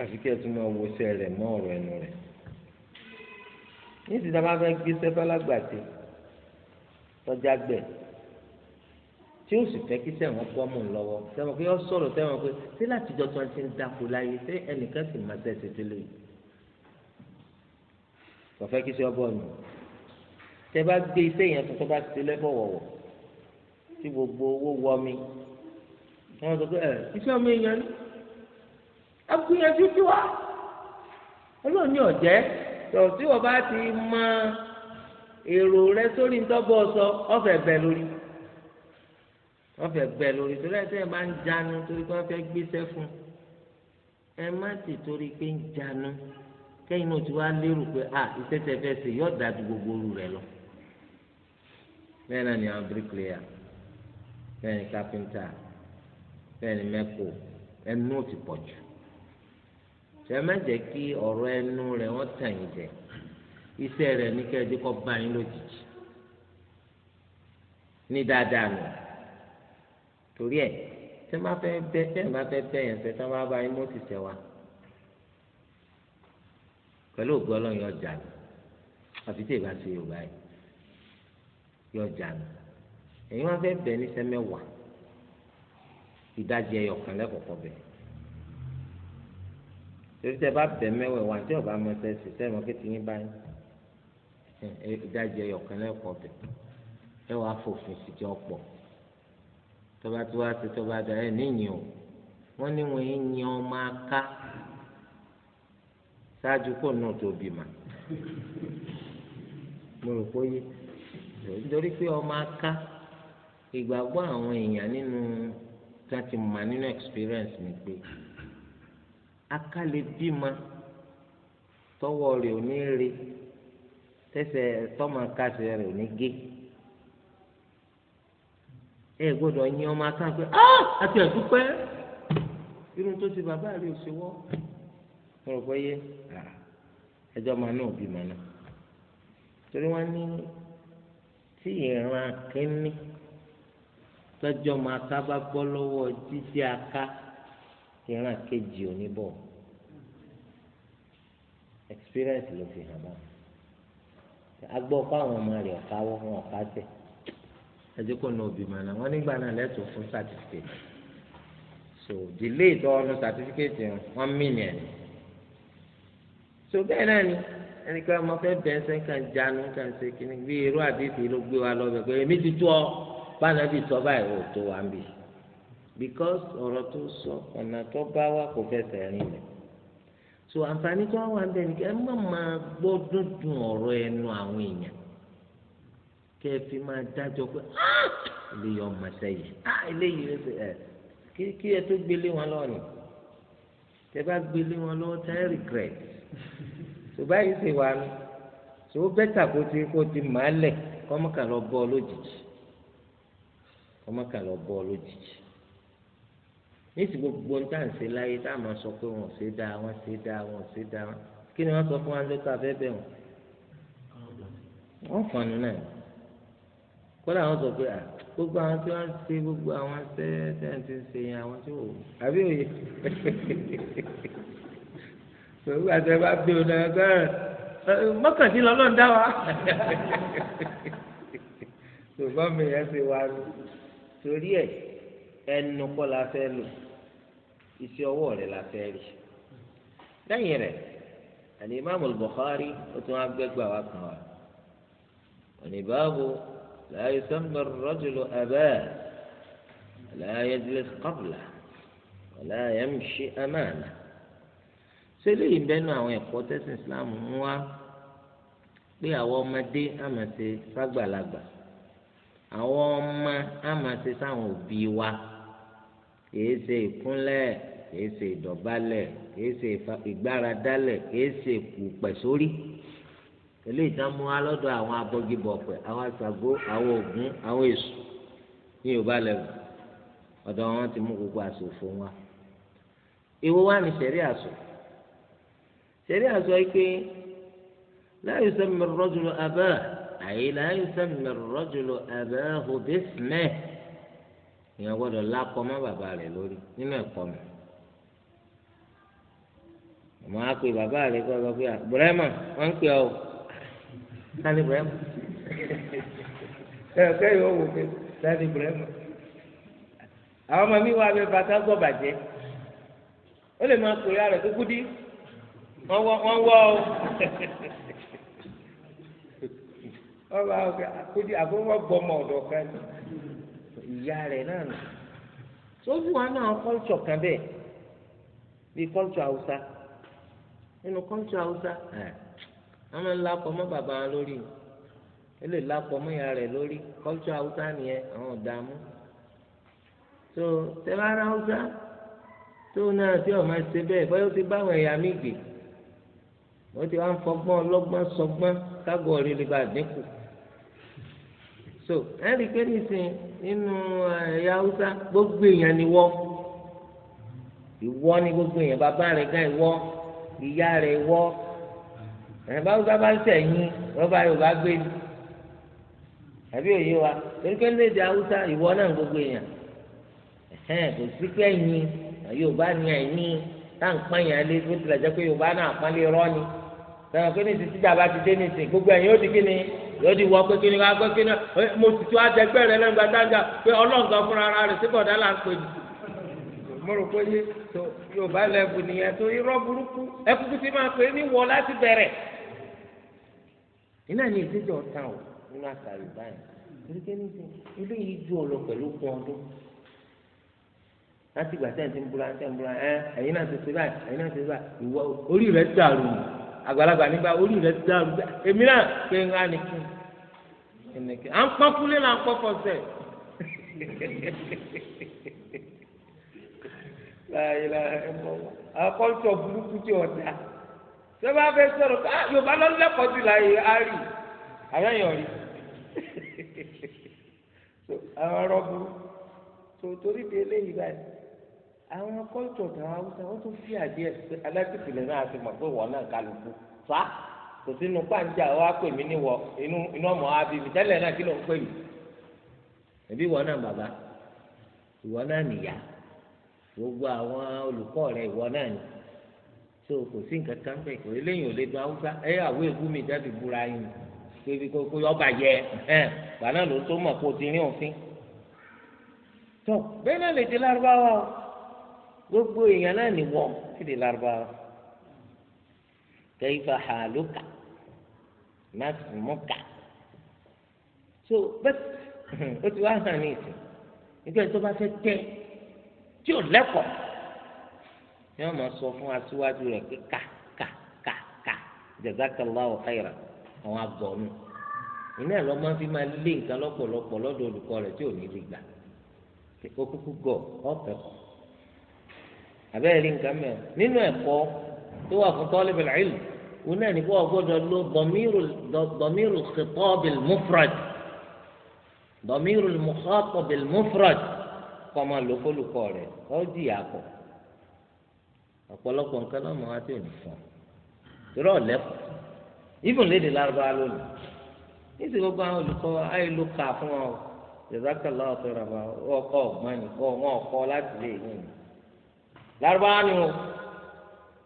àfi kí ẹ tún máa wo iṣẹ́ rẹ̀ mọ́ ọ̀rọ̀ ẹnu rẹ̀ ní ìsìn náà bá fẹ́ gbé sẹ́fàlágbàtì tọ́já gbẹ̀ tí ó sì fẹ́ kí sẹ́wọ̀n pọ́ mọ̀ lọ́wọ́ sẹ́wọ̀n pé ó sọ̀rọ̀ sẹ́wọ̀n pé ṣé látijọ́ tí wọ́n ti ń dáko láyé ṣé ẹnìkan sì máa tẹ̀sí tó lè kọ̀fẹ́ kí sẹ́ ọ bọ̀ nù tẹ bá gbé iṣẹ́ yẹn tó tó bá ti lẹ́bọ̀ wọ̀wọ̀ tí gbogbo owó wọ mi wọn sọ pé ẹ iṣẹ́ ọmọ èèyàn ni agbóyanjú tí wá ọlọ́ọ̀ni ọ̀jẹ́ tọ̀ tí wọ́n bá ti mọ èrò rẹ sórí ntọ́bọ̀ sọ ọ̀fẹ́ bẹ̀ lórí ọ̀fẹ́ bẹ̀ lórí torí ẹ̀ sẹ́yìn máa ń jánu torí pé wọ́n fẹ́ gbéṣẹ́ fún ẹ má ti torí pé ń jánu kẹ́yìn náà ti wá lérò pé à ìṣẹ́ṣẹ́ fẹ́ ṣe yọ̀ọ́ dájú gbogbo olú rẹ lọ bẹ́ẹ̀ náà ni àwọn bíríkìlẹ́yà bẹ́ẹ̀ ni kápẹ́ńtà bẹ́ẹ̀ ni mẹ́kò ẹnu ò ti pọ̀ jù ṣe má jẹ́ kí ọ̀rọ̀ ẹnu rẹ̀ wọ́n tàn yín jẹ iṣẹ́ rẹ̀ ní kẹ́ẹ̀dé kọ́ bá yín lójijì ní dáadáa nù torí ẹ̀ tẹ́ má fẹ́ bẹ́ tẹ́ má fẹ́ bẹ́ fẹ́ tán bá yín mọ́ ti tẹ̀ wá pẹ̀lú ògbọ́lọ́yìn ọjà ni àfi tí èèyàn ṣe Yorùbá yìí yọjà ni èyí wọn fẹ́ bẹ̀ ní sẹ́mẹ́wàá ìdajì ẹyọ kan lẹ́kọ̀ọ́kọ́ bẹ̀ torí tẹ bá bẹ̀ mẹ́wẹ̀ẹ́wà tí ọba mọ̀ọ́sẹ̀ sì sẹ́mi ọ̀kẹ́ ti yín báyìí ìdajì ẹyọ kan lẹ́kọ̀ọ́ bẹ̀ ẹ wàá fòfin sí jẹ́ ọ̀pọ̀ tọba tí wàá ti tọba dà ẹ níyìn o wọn ní wọn yín yan ọmọ aká ṣáájú kó náà tó bímọ mo rò pé yé nítorí pé ọmọ aká ìgbàgbọ́ àwọn èèyàn nínú tí wọ́n ti mọ̀ nínú experience ni pé akálẹ̀ bímọ tọwọ́ rẹ̀ ò ní rí tẹsẹ̀ tọ́mọ kásẹ̀ rẹ̀ ò ní gé ẹ gbọ́dọ̀ yín ọmọ akán pé àti ẹ̀dúpẹ́ irun tó ti bàbá rẹ̀ ò ṣe wọ́ mo rò pé yé ẹjọ́ máa náà bímọ náà torí wọ́n ní tí ìran kínní tọjọ máa sábà gbọ́ lọ́wọ́ jíjẹ aká ìran kejì oníbọ experience ló fi hàn bá agbọ fáwọn ọmọ rẹ̀ ọkáwọ wọn ọká tẹ ẹjẹ kò nà òbí màná wọn nígbà náà lẹtọọ fún certificate so delay tọ ọnu certificate yẹn wọn mìíní ẹni so bẹ́ẹ̀ náà ni ẹnìkan ọmọ fẹẹ bẹ ẹsẹ kan jánu kan ṣe kíni bí irú àdìsí ló gbé wa lọ bẹ pé èmi ti tó ọ pànàbì sọ báyìí ò tó wà ń bì because ọ̀rọ̀ tó sọ ọ̀nà tó bá wà kò fẹsẹ̀ rìn so àǹfààní tó wà ń bẹ̀ ni kẹ́ ẹ má máa gbọ́ dúndùn ọ̀rọ̀ ẹnu àwọn èèyàn kẹ́ ẹ fi máa dájọ́ pé eléyìí ah! ọmọ sẹ́yìn eléyìí ah! ẹ eh! kí ẹ tó gbélé wọn lọ́wọ́ ni tẹ́ bá gbélé wọn lọ́wọ́ tẹ́ ẹ regret tó báyìí ṣe wà ní tó bẹ́tà kó ti kó ti máa lẹ̀ kọ́mọ́kà lọ bọ́ lójijì ọmọ kan lọ bọ́ lójijì níìsí gbogbo ń tàǹsí láyé tá a máa sọ pé wọn ò ṣe dáa wọn ṣe dáa wọn ò ṣe dáa wọn kí ni wọn sọ fún wa ló ká fẹ́ẹ́ bẹ̀ wọn. wọn fanu náà kọ́lá àwọn sọ pé gbogbo àwọn tí wọ́n ṣe gbogbo àwọn ṣe tẹ́ǹtì ṣe yẹn àwọn tí wò àbí òye pẹ̀lú àti ẹ bá bí náà gbẹ́rẹ̀ mọ́kàndínlọ́lọ́ ń dá wa. ṣùgbọ́n mi yẹn ṣe wá ní torí ẹ̀ ẹnu kọ́ la fẹ́ lò iṣẹ́ ọwọ́ rẹ̀ la fẹ́ rí lẹ́yìn rẹ̀ alimami Bukhari ó tún wá gbẹ́gbà wá kàn wá oníbàbò la yusamma ar-rajulu abaa la yajlis qabla la yamshi amama sẹ́lẹ̀ yìí bẹ́ẹ̀ náà àwọn ẹ̀kọ́ tẹ́sán Islam mú wá pé àwọn ọmọdé àmọ̀ ṣe fàgbàlagbà àwọn ọmọ á máa ṣe sáwọn òbí wa kìí ṣe ìkúnlẹ̀ kìí ṣe ìdọ̀bálẹ̀ kìí ṣe ìgbáradálẹ̀ kìí ṣe ìkùpẹ̀ sórí eléyìí tá mú alọ́dọ̀ àwọn abọ́gibọ̀pẹ̀ àwọn àṣàgó àwọn ògún àwọn èṣù ní yorùbá lẹ́wọ̀ ọ̀dọ̀ wọn ti mú gbogbo àṣòfò wa ìwọ wà ní sẹ̀rí àṣọ sẹ̀rí àṣọ yìí pé la yusammi ar-rajulu àyè láyé sẹ́mi rọ́jòló ẹ̀bẹ́hù bísímẹ́ ìyẹn gbọ́dọ̀ lákọ mọ́ bàbá rẹ̀ lórí nínú ẹ̀kọ́ mi. àmọ́ á pe bàbá rẹ̀ kọ́ ọ pé bùrẹ́mà wọ́n ń pè ọ́ sani bùrẹ́mà ẹ̀ kẹ́ yóò wò pé sani bùrẹ́mà àwọn ọmọ mi wà bẹ bàtà gbọ́ bàjẹ́ ó lè máa pè ara rẹ̀ kúkú dí wọ́n wọ́ ọ́ wọ́n bá ọkọ àkójú àbúrò gbọmọ ọ̀dọ̀ kan ìyá rẹ̀ náà nù sójú wa náà kọ́ltsọ̀ kan bẹ́ẹ̀ bíi kọ́ltsọ̀ haúsá nínú kọ́ltsọ̀ haúsá wọ́n máa ń lakọ̀ mọ́ bàbá wọn lórí o ẹ lè lakọ̀ mọ́ ìyá rẹ̀ lórí kọ́ltsọ̀ haúsá nìyẹn àwọn ọ̀dààmú tó tẹ́lára haúsá tó náà tí ọ̀ máa ṣe bẹ́ẹ̀ bọ́yọ́ ti bá àwọn ẹ̀yà mi gbè wọ́n ti wá ń fọgbọ́n ọlọ́gbọ́n sọgbọ́n kágọ̀ọ́ so ẹnì pé nísìn nínú ẹ̀yà haúsá gbogbo èèyàn ni wọ́ ìwọ ni gbogbo èèyàn bàbá rẹ̀ gan ìwọ ìyá rẹ̀ ìwọ ẹ̀yìn bá haúsá bá ń sẹ̀yìn rọ́bà yorùbá gbé ni àbí òye wa torí pé léde haúsá ìwọ náà gbogbo èèyàn ẹ̀hẹ́n kò sí pé ẹ̀yìn yorùbá ni ẹ̀yìn táà ń pààyàn lé bó tilẹ̀ jẹ́ pé yorùbá náà pàlẹ́ rọ́ ni sọ̀rọ̀ pé ní ti tíjà bá ti dé nísìn gbogbo ẹ̀yìn ó di kí yóò di wọ pé kí ni ká gbé kí ni mo ti tó adẹgbẹ́ rẹ pé ọlọ́ǹgá fúnra ara rẹ̀ síbọ̀dá là ń pè ní. mo rò pé yorùbá lẹ́bù nìyẹn tó irọ́ burúkú ẹkùkù ti máa pè é ní wọ láti bẹ̀rẹ̀. iná ìdíje o nínú ní ilé yìí ju ọ̀lọ́ pẹ̀lú kún ọdún láti gbà ń búra àgbàlagbà nígbà orí rẹ ti dàrú èmi náà pé ń hàn nìkan ẹnìkan à ń pọ́n kúlé là ń pọ́n fọsẹ̀. láyìlá ẹmọ akọ́ńtò burúkú tí ò da ṣé bá fẹ́ sọ̀rọ̀ ah, yorùbá lọ́lẹ́kọ̀ọ́ ti láyé á rí àyàyàn rí àwọn ọ̀rọ̀ burú tòótórí di eléyìí báyìí àwọn kọ́ńtò tàwọn haúsá wọ́n tún fi àdé ẹ̀ alátìpìlẹ̀ náà ti mọ̀ pé wọ́n náà kálukú fa kò sínú pàǹjà wa pè mí níwọ̀ inú inú ọmọ wa bíbí tẹ́lẹ̀ náà kí ló ń pè mí ẹbí wọ́n náà bàbá ìwọ náà nìyá gbogbo àwọn olùkọ́ rẹ ìwọ náà ni tó kò sí nǹkan kan bẹ́ẹ̀ kò eléyìí ò lè do haúsá ẹ àwọn èkú mi jáde búra yín kébi kókó ọba yẹ ẹ gbà náà ló tó mọ̀ kó o ti rí òfin tó bẹ́ẹ̀ náà lè dé lárúbáwá o gbogbo èèyàn náà ní wọ́n sídìí lárúbáwá kẹfà hàlùkà màsìmùkà so bẹ́ẹ̀ ó ti wá hàn ní ìsìn nígbà tó bá fẹ́ tẹ́ tí ò lẹ́kọ̀ọ́ ni wọ́n máa sọ fún aṣíwájú rẹ̀ pé kà kà kà kà jazakallahu khairan àwọn agbọ̀nù iná ẹ̀ lọ́mọ fi máa lé nǹkan lọ́pọ̀lọpọ̀ lọ́dọ̀ olùkọ́ rẹ̀ tí ò ní rí gbà kókó gọ̀ ọ̀pẹ̀kọ̀ àbẹ́rẹ́ rí nǹkan mẹ́rin nínú ẹ̀kọ́ tó wà fún tọ́lẹ̀ bẹ̀rẹ̀ ìlú wọn náà ní kó wọ́n gbọ́dọ̀ lo dọ̀míìrù khitab al-mufrad dọ̀míìrù al-mukhatab al-mufrad kọ́ máa lò fólùkọ́ rẹ̀ ọ́ di àpọ̀ ọ̀pọ̀lọpọ̀ nǹkan náà mọ̀ wá tó nìkan torí ọ̀lẹ́kọ̀ọ́ ibùn léde lárúbáwá lónìí níṣẹ́ gbogbo àwọn olùkọ́ lárúbáwá ni o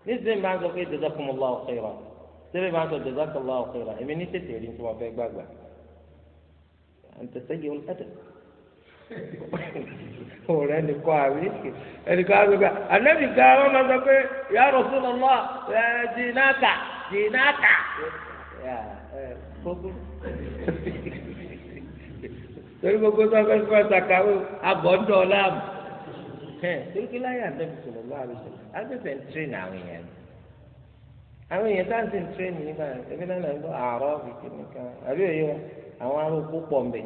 nísìnyí bá ń sọ pé jazakumullahu khairan sẹ́bẹ̀ bá ń sọ jazakallahu khairan èmi ní tètè rí tí wọ́n fẹ́ gbàgbà àǹtẹ̀sẹ́yẹ olùkẹ́tẹ̀ òrẹ́ ni kọ́ àrí ẹnìkan àgbègbè ànẹ́bì gan wọn máa sọ pé ya Rasulullah jìnnàkà jìnnàkà torí gbogbo sọ fẹ́ fẹ́ sàkàwé abọ́ ń dọ̀ láàmú. ẹ torí láyé àbẹ́bí sọ̀rọ̀ lọ́wọ́ àbẹ́sọ̀ àbẹ́sẹ̀ ń tírè ní àwọn èèyàn àwọn èèyàn tá à ń sè ń tírè ní nígbà ẹbí náà ń lọ àárọ̀ fìkì kan àbí òye wa àwọn arókó pọ̀ mbẹ̀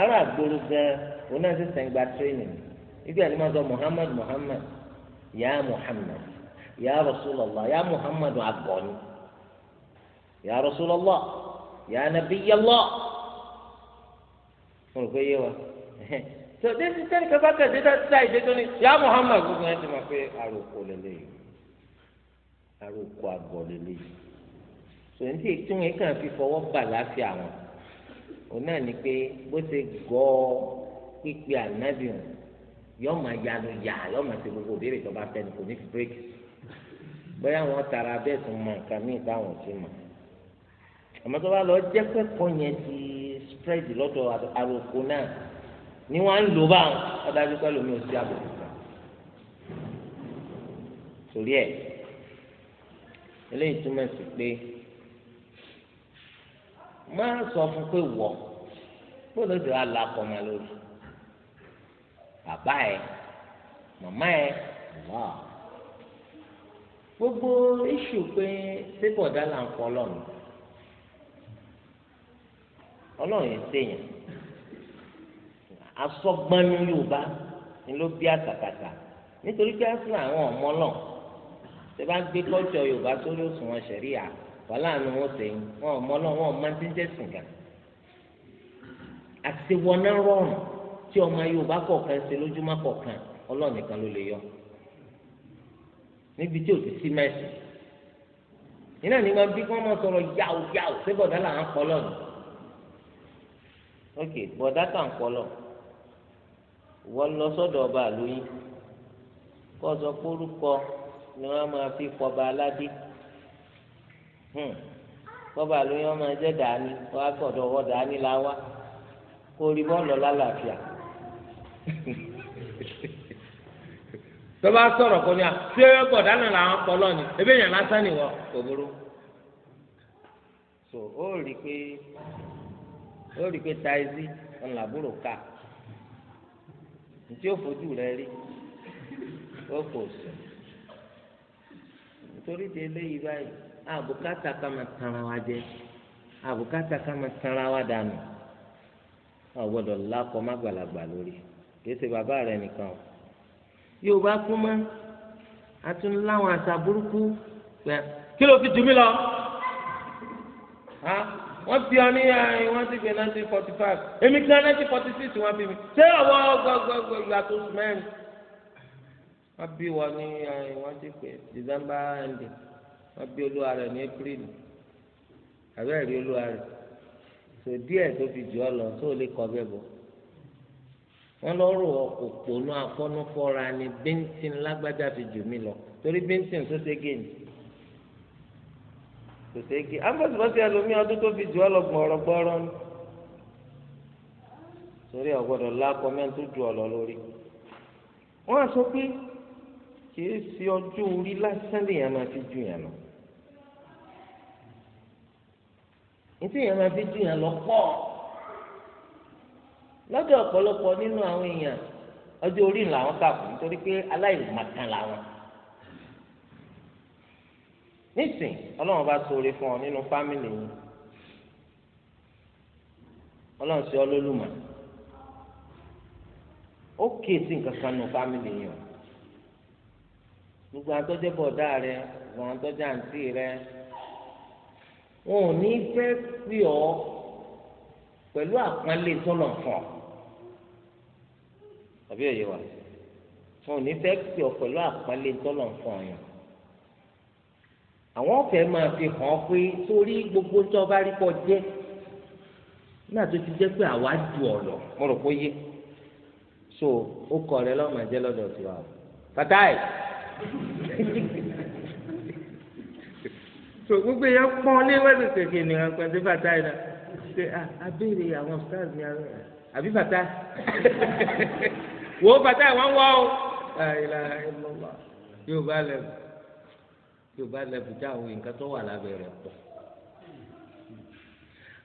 ará àgbòrò gan òun náà sì sẹ̀ gba tírè ní ibi àti ma sọ Muhammad Muhammad yá Muhammad yá rasulallah yá Muhammad àgọ́ni yá rasulallah yá Nabiyallah mo rò pé yé wa tẹ̀lé ti tẹ́lẹ̀ kẹfà tẹ̀lé tẹ́lẹ̀ tẹ́lẹ̀ ìdè tó ní ya Muhammad gbogbo yẹn ti mọ̀ pé àròkọ lélẹ̀ yìí àròkọ àgọ̀ lélẹ̀ yìí sèǹtì tí wọn kàn fi fọwọ́ bà láfíà wọn òun náà ni pé bó ṣe gọ́ pípé ànábì hàn yọ máa yanu yà yọ máa ṣe gbogbo òbí rẹ̀ tó bá fẹ́ ni kò ní fi bírèkì bóyá wọn tara bẹ́ẹ̀ tún mọ nǹkan míì táwọn ti mọ̀ àmọ́ tó bá lọ jẹ́ pẹ́kọ̀ọ́ yẹn ti spread lọ́dọ̀ àròkọ náà ni wọ́n ń lò báwọn ọ̀dájú pẹ́ lómi ò sí àbùkù kan torí ẹ̀ eléyìí túmọ̀ sí pé máa sọ fún pé wọ̀ gbọ́dọ̀ ti wá máa lórí bàbá ẹ̀ màmá ẹ̀ wà gbogbo iṣu pé sébọ̀dá là ń fọ ọlọ́run ọlọ́run yẹn sèyàn asọgbọnú yorùbá ni ló bí àtàkàtà nítorí pé ẹsùn àwọn ọmọ náà ṣe bá gbé kọjọ yorùbá sórí òṣùwọn ṣẹríà wàhálà ni wọn sẹ́yìn wọn ọmọ náà wọn ọmọ ti ń jẹsìn gà àtiwọnà rọrùn tí ọmọ yorùbá kọ̀ọ̀kan ṣe lójúmọ́ kọ̀ọ̀kan Ọlọ́run nìkan ló lè yọ níbi tí ò ti sí mẹsì iná ní ma bí kí wọn máa sọ̀rọ̀ yáwó yáwó ṣé bọdá là ń pọlọ ni ok bọdá kà ń pọlọ. Okay, wọ́n lọ sọ́dọ̀ ọba àlóyìn kó sọ pé orúkọ ni wọ́n máa fi kọba aládé hmm. kọba àlóyìn wọ́n máa jẹ́ dání wọ́n á sọ̀dọ̀ ọwọ́ dání la wá kó rí bọ́ọ̀lù lálàáfíà tọ́ba sọ̀rọ̀ kò ní à ṣé gbọ̀dá náà làwọn pọ̀ lọ́ọ̀ni ebí èèyàn lásán nìwọ kò burú ó rí i pé ó rí i pé taizi ńlá búrò ká ntí ó fojú rẹ rí ó kò sùn nítorí ti eléyìí báyìí àbùkátà ká máa tanra wa jẹ àbùkátà ká máa tanra wa dànù ọ̀gbọ́dọ̀ lakọ má gbàlagbà lórí kìí ṣe bàbá rẹ nìkan o yóò bá kú mọ́ atún láwọn àṣà burúkú pé kí ló fi jù mí lọ wọ́n bí ọ ní wọ́n ti gbé nineteen forty five èmi gan nineteen forty six wọ́n bí mi ṣé ọwọ́ gbọgbọgbọ ìgbà tó sùn mẹ́rin wọ́n bí wọn ní wọ́n ti pè december ending wọ́n bí olúwa rẹ̀ ní april àbẹ́rẹ́ rí olúwa rẹ̀ sọ díẹ̀ tó fi jù ọ lọ tó lè kọ́ bẹ́ẹ̀ bọ́ wọn lọ rò òpònú afọnúfọra ni bíntín lágbájá fi jù mí lọ torí bíntín tó ṣe géèmì kò ségi ambọ̀sibọ́sí ẹlòmíì ọdún tó fi jù ọ lọ gbọ̀rọ̀ gbọ́rọ̀ ni torí ọ̀gbọ́dọ̀ lákọ mẹ́tò ju ọ̀lọ́ lórí wọ́n á sọ pé kì í ṣe ọjọ́ orí lásán lèèyàn máa fi ju yàn lọ ètò èèyàn máa fi ju yàn lọ pọ̀ lọ́dọ̀ ọ̀pọ̀lọpọ̀ nínú àwọn èèyàn ọjọ́ orí làwọn kà fún nítorí pé aláìmọ̀kan làwọn nísìn ọlọ́run bá ṣoore fún ọ nínú fámìlì yìí ọlọ́run ṣe ọ lólùmọ̀ ó kéè sí nǹkan kan nínú fámìlì yìí o gbogbo àtọ́jọ́ bọ̀dá rẹ gbogbo àtọ́jọ́ àǹtí rẹ wọn ò ní fẹ́ pè ọ́ pẹ̀lú àpọ́nlé tọ́lọ̀ fún ọ àbí òye wa wọn ò ní fẹ́ pè ọ́ pẹ̀lú àpọ́nlé tọ́lọ̀ fún ọ yẹn àwọn fẹ́ máa fi hàn pé sórí gbogbo tó bá rí kọ jẹ́ nígbà tó ti jẹ́ pé àwa ju ọ̀lọ̀ mo rò pé yé so ó kọ rẹ lọ́mọ jẹ́ lọ́dọ̀ tí wa o fatai so gbogbo yẹn pọ́n lé wẹ́ẹ̀dì kèké nìkan pẹ̀lú fatai náà ṣe àbèrè ah, àwọn stars ní ara rẹ̀ àbí fatai wo fatai wọ́n wọ́ o. yóò bá lẹ́nu tí o bá lẹ́bùjá àwọn nǹkan tó wà lábẹ́ rẹ̀ pọ̀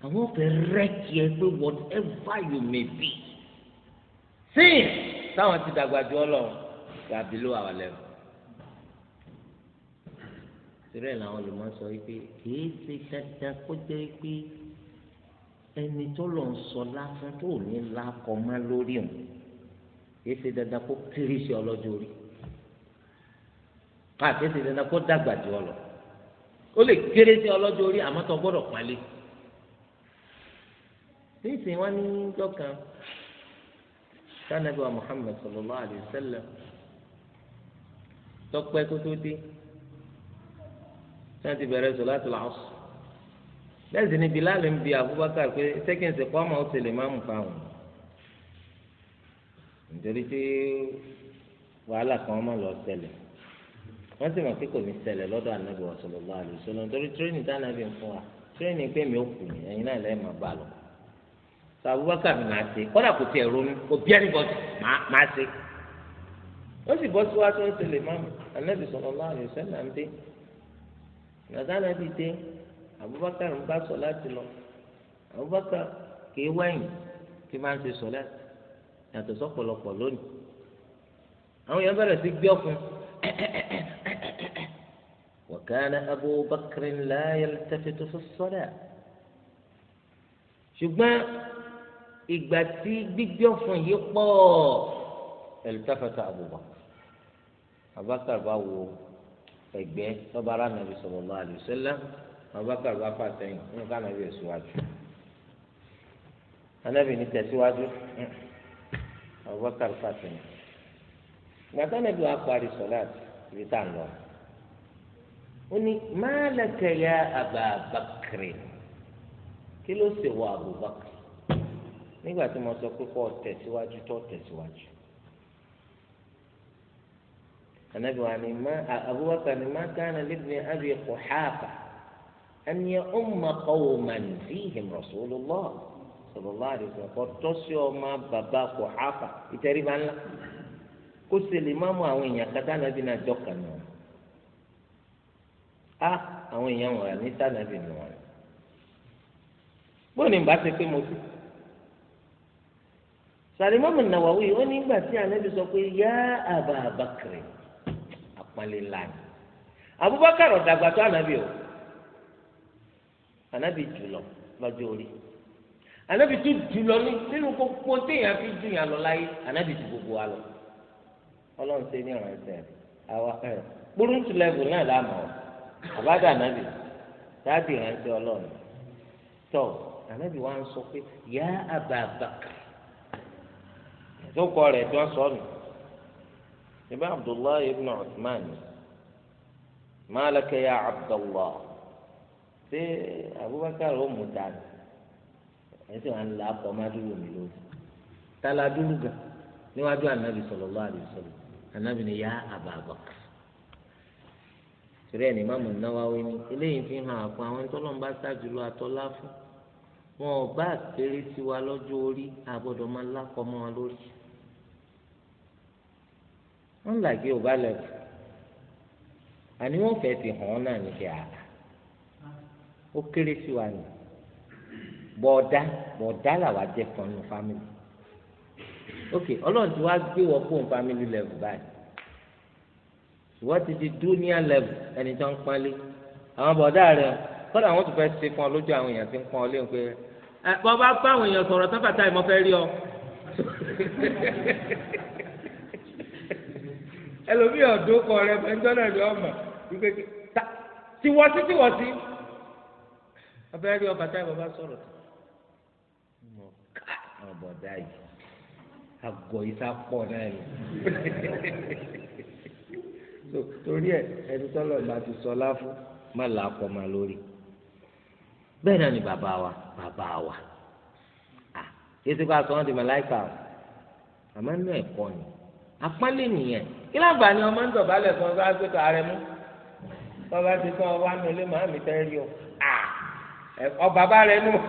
àwọn fẹ́ rẹ́kì ẹ pé whatever you may be sin táwọn ti dàgbà jù ọ lọ tàbí ló wà lẹ́nu torí ẹ̀ làwọn olùmọ̀ sọ wípé kìí ṣe dandan kó jẹ́ pé ẹni tó lọ ń sọ lásán tó ò ní lakọ mọ́ lórí òun kìí ṣe dandan kó kéré sí ọlọ́jọ́ orí àkẹ́sẹ̀ lẹ́nu kó dàgbà jù ọ lọ ó lè kéré sí ọlọ́jọ́ orí àmọ́ tó gbọ́dọ̀ pálí sísè wọn ní dọ́kan sanabi wa Muhammad sallallahu alayhi wa sallam tọpẹ kótó dé santi bẹ̀rẹ̀ sọláàtì làásù lẹ́sìn ní Bilal ń bi Abubakar pé sẹ́kìnsì kọ́mọ ọ̀sẹ̀lẹ̀ máa ń fa wọn nítorí pé wàhálà kan máa lọ ṣẹlẹ̀ wọ́n sì mọ̀ pé kò ní ṣẹlẹ̀ lọ́dọ̀ ànábì sallallahu alaihi wasallam nítorí tírénì tánàbì ń fún wa tírénì pé mi ò kù ní ẹ̀yin náà lẹ́yìn máa bá lọ. sọ Abubakar mi máa ṣe kọ́dà kò tiẹ̀ ronú kò bí ẹni bọ́ máa ṣe. ó sì bọ́ sí wa tó ń ṣẹlẹ̀ máa mú ànábì sallallahu alaihi wasallam ń dé. nàdánà bíi dé Abubakar ń bá sọ láti lọ Abubakar kì í wẹ̀yìn máa ń ṣe sọ yàtọ̀ sọ́pọ̀lọpọ̀ lónìí. وكان أبو بكر لا يلتفت في الصلاة ṣùgbọ́n ìgbà tí gbígbé ọ̀fun yìí pọ̀ ẹ̀lùtàfẹ́tà Abubakar Abubakar bá wo ẹgbẹ́ tọ́ba ara nàbì sallallahu alaihi wasallam Abubakar bá fà sẹ́yìn nínú ká nàbì ẹ̀ síwájú anábì ní tẹ̀síwájú Abubakar fà sẹ́yìn gbàtànàbí wa parí sọláàtì ibi tá à ń lọ ó ní máa lẹkẹ ya àbá bakiri kí ló sì wọ Abubakar nígbà tí mo sọ pé kó tẹ̀síwájú tó tẹ̀síwájú anabi wa ni ma Abubakar ni ma kana libni abi Quhafa an ya umma qawman fihim rasulullah sallallahu alaihi wasallam kò tọ́sí ọmọ bàbá Quhafa ìtẹríba kó ṣe lè má mú àwọn èèyàn kátà nàbì náà jọ kàn náà á àwọn èèyàn wọn ní sànàbì nù wọn bóyá ní bá ṣe pé mo sí sàlìmọ́mù nàwáwí ó nígbà tí ànábì sọ pé yá àbá àbákìrì àpọ́nlé láàyè Abubakar ọ̀dàgbà tó ànábì o ànábì jùlọ lọ́jọ́ orí ànábì tó jùlọ nínú gbogbo téèyàn fi jù yàn lọ láyé ànábì ju gbogbo wa lọ ọlọ́run ṣe ní ọ̀rọ̀ ẹsẹ̀ àwa ẹ̀ kúrúntù lẹ́bù náà láàmú àbádà nàbì dáàbì ránṣẹ́ ọlọ́run tọ́ ànábì wa ń sọ pé yá àbá bàkà tó kọ rẹ̀ tó sọ nù ibà abdullahi ibn usman malaka ya abdullah ṣé abubakar ó mú ta ẹ sì wà ń la ọmọ mi lórí tá dúró gan níwájú ànábì sallallahu alaihi anabi ni ya ababakar torí ẹni máàmù náwáwé ni eléyìí fi hàn àpò àwọn tọ́lọ́mbà sájúlọ àtọ́lá fún wọn ò bá kéré sí wa lọ́jọ́ orí àgbọ̀dọ̀ máa lákọ̀ mọ́ wọn lórí wọn làgé ò bá lẹ́kọ̀ọ́ àní wọn fẹ́ fi hàn ọ́ náà níbi àlà ó kéré sí wa nù bọ̀ọ̀dá bọ̀ọ̀dá làwa jẹ́ kan nù fámìlì ok ọlọ́run ti wá gbé wọ fún family level báyìí wọ́n ti di junior level ẹni tó ń pọ́nlé àwọn bọ̀dá rẹ̀ kọ́dà wọ́n ti fẹ́ ṣe fún ọ lójú àwọn èèyàn ti ń pọ́n ọ léwu pé ẹ bọ́ bá bá àwọn èèyàn sọ̀rọ̀ tán bàtà ìmọ̀ fẹ́ rí ọ. ẹlòmíì ọ̀dọ́ kọ rẹ ẹjọ́ náà ni ọmọ wípé tiwọ́sí tiwọ́sí ọbẹ̀ rí ọ bàtà ìmọ̀ bá sọ̀rọ̀ tán. ọ̀bọ̀dá yìí àgọ́ yìí sá náà ni so torí ẹ ẹni tọ́lọ̀ bá ti sọ láfún má là á pọ̀ má lórí bẹ́ẹ̀ náà ni bàbá wa bàbá wa yéésù kó aṣọ wọn di màláìka o àmọ́ inú ẹ̀kọ́ ni apálẹ nìyẹn kí lágbà ni ọmọ ń dọ̀bálẹ̀ fún ọgbà gbẹtọ ààrẹ mú bàbá ti sọ wà nílé màmí tẹrí o ọba bá rẹ nù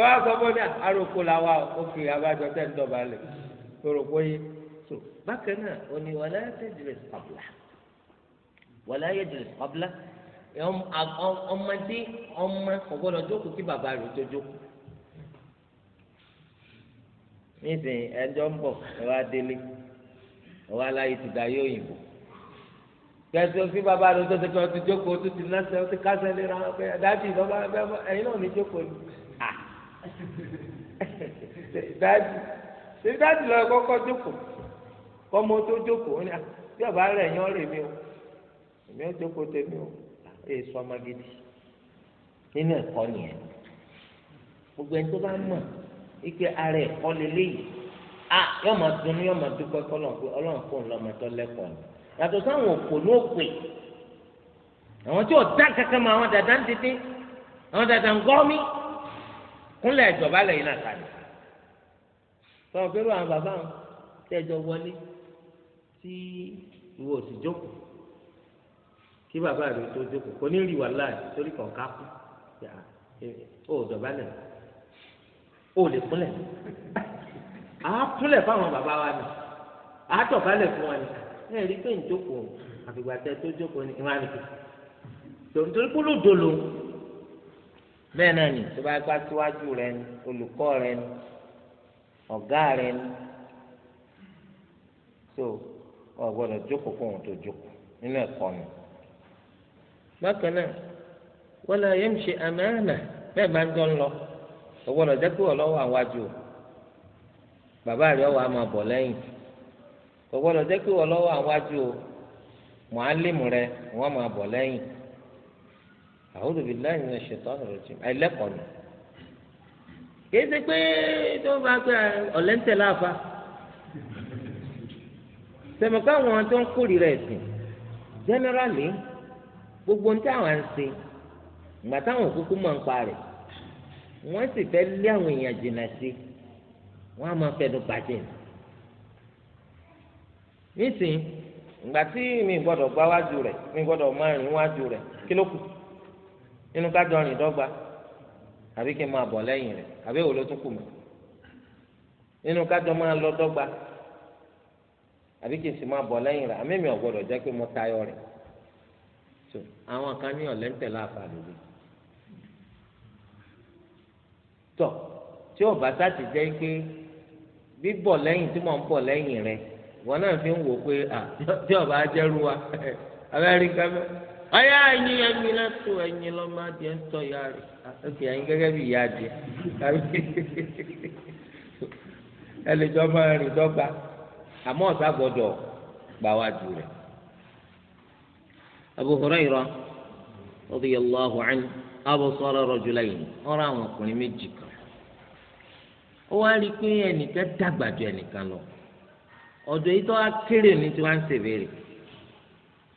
wọ́n á sọ fún mi àròkọ làwa òkè abájọ tẹ̀ ń dọ̀bà lẹ̀ tòròkọ yé so bákan náà òní wàlá yẹ́dìrì ọ̀bùlà wàlá yẹ́dìrì ọ̀bùlà ọmọdé ọmọ ọgbọ́dọ̀ jókòó kí bàbá rẹ̀ tó jókòó nísìnyí ẹjọ́ ń bọ̀ ẹ wá délé ẹ wá láyé ti dá yóò yìnbó kẹsì òsì bàbá rẹ̀ tó ti jókòó tó ti lásẹ̀ ó ti kásẹ̀ lé ra ọ̀pẹ ìdọ́gba ẹ̀yin náà ní jókòó dájú ṣe dájú lọ kọ́kọ́ jókòó kọ́mọ tó jókòó ní bí ọba rẹ̀ yán rè mí o èmi ò jókòó tèmi o èso ọmọ gidi nínú ẹ̀kọ́ nìyẹn gbogbo ẹni tó bá mọ̀ ike ara ẹ̀kọ́ lélẹ́yìí a yọ máa dunu yọ máa dúpẹ́ kọ́lọ́n pé ọlọ́run fún un lọ́mọ tó lẹ́kọ̀ọ́ ni yàtọ̀ sáwọn òpò ní òpè àwọn tí ò dá kankan mọ àwọn dàda ń tètè àwọn dàda ń gọ́ mi kúnlẹ̀ ìjọba lẹ́yìn náà tani sọ pé ló àwọn bàbá wọn tí ẹjọ wọlé tí ìwọ òsì jókòó kí bàbá rẹ tó jókòó kò ní rí wàhálà torí kàn ká kú ó dọ̀bá lẹ̀ ó lè kúnlẹ̀ á kúnlẹ̀ fáwọn bàbá wa ni á tọ̀bá lẹ̀ fún wa ni ẹ rí pé ń jókòó àfìgbà tẹ tó jókòó ni ìwà nìkan tòun torí kó ló bẹ́ẹ̀ náà ni tó bá gbá síwájú rẹ ni olùkọ́ rẹ ni ọ̀gá rẹ ni so ọ gbọ́dọ̀ jókòó fún òun tó jókòó nínú ẹ̀kọ́ mi. bákan náà wala yamshi amama bẹ́ẹ̀ máa ń jọ ń lọ ọ gbọ́dọ̀ jẹ́ pé ọlọ́wọ́ àwájú bàbá rẹ ọwọ́ àmọ́ bọ̀ lẹ́yìn ọ gbọ́dọ̀ jẹ́ pé ọlọ́wọ́ àwájú mọ̀álìmù rẹ wọ́n máa bọ̀ lẹ́yìn. A'udhu billahi minash shaitani rajim ẹlẹ́kọ̀ọ́ ni kìí ṣe pé tó bá pé ọ̀lẹ́ńtẹ̀ láàfa sẹ̀mọ̀ká àwọn tó ń kórìíra ẹ̀sìn generally gbogbo ní táwọn ń ṣe ìgbà táwọn kúkú máa ń pa rẹ̀ wọ́n sì fẹ́ lé àwọn èèyàn jìnnà sí wọ́n á máa fẹnu bàjẹ́ nísìnyí ìgbà tí mi gbọ́dọ̀ gbáwájú rẹ̀ mi gbọ́dọ̀ máa rìn wájú rẹ̀ kí ló kù nínú kájọ rìn dọ́gba àbí kí n máa bọ̀ lẹ́yìn rẹ̀ àbí èwo ló tún kù mọ́ nínú kájọ máa lọ dọ́gba àbí kí n sì máa bọ̀ lẹ́yìn rẹ̀ àmì mi ò gbọ́dọ̀ jẹ́ pé mo tayọ rẹ̀ tó àwọn kan ní ọ̀lẹ́ńtẹ̀ láàfà lóde tó tí ò bá sá ti pé bíbọ̀ lẹ́yìn tí mò ń bọ̀ lẹ́yìn rẹ̀ wọn náà fi ń wò pé à tí ọba ajẹ́rú wa abẹ́rẹ́ rí ayé anyị ẹyin lẹsùn ẹyin lọmọ ntọ ya rẹ ọsì ẹyin gẹ́gẹ́ bí ìyá adìẹ ẹlẹjọ máa rìn dọ́gba àmọ́ ọsà gbọ́dọ̀ gbà wá jù rẹ. Abu Hurairah radiyallahu anhu abasara rajulayn ọ̀rọ̀ àwọn ọkùnrin méjì kan ó wá rí i pé ẹnìkan dàgbà ju ẹnìkan lọ yìí tó wá kéré ní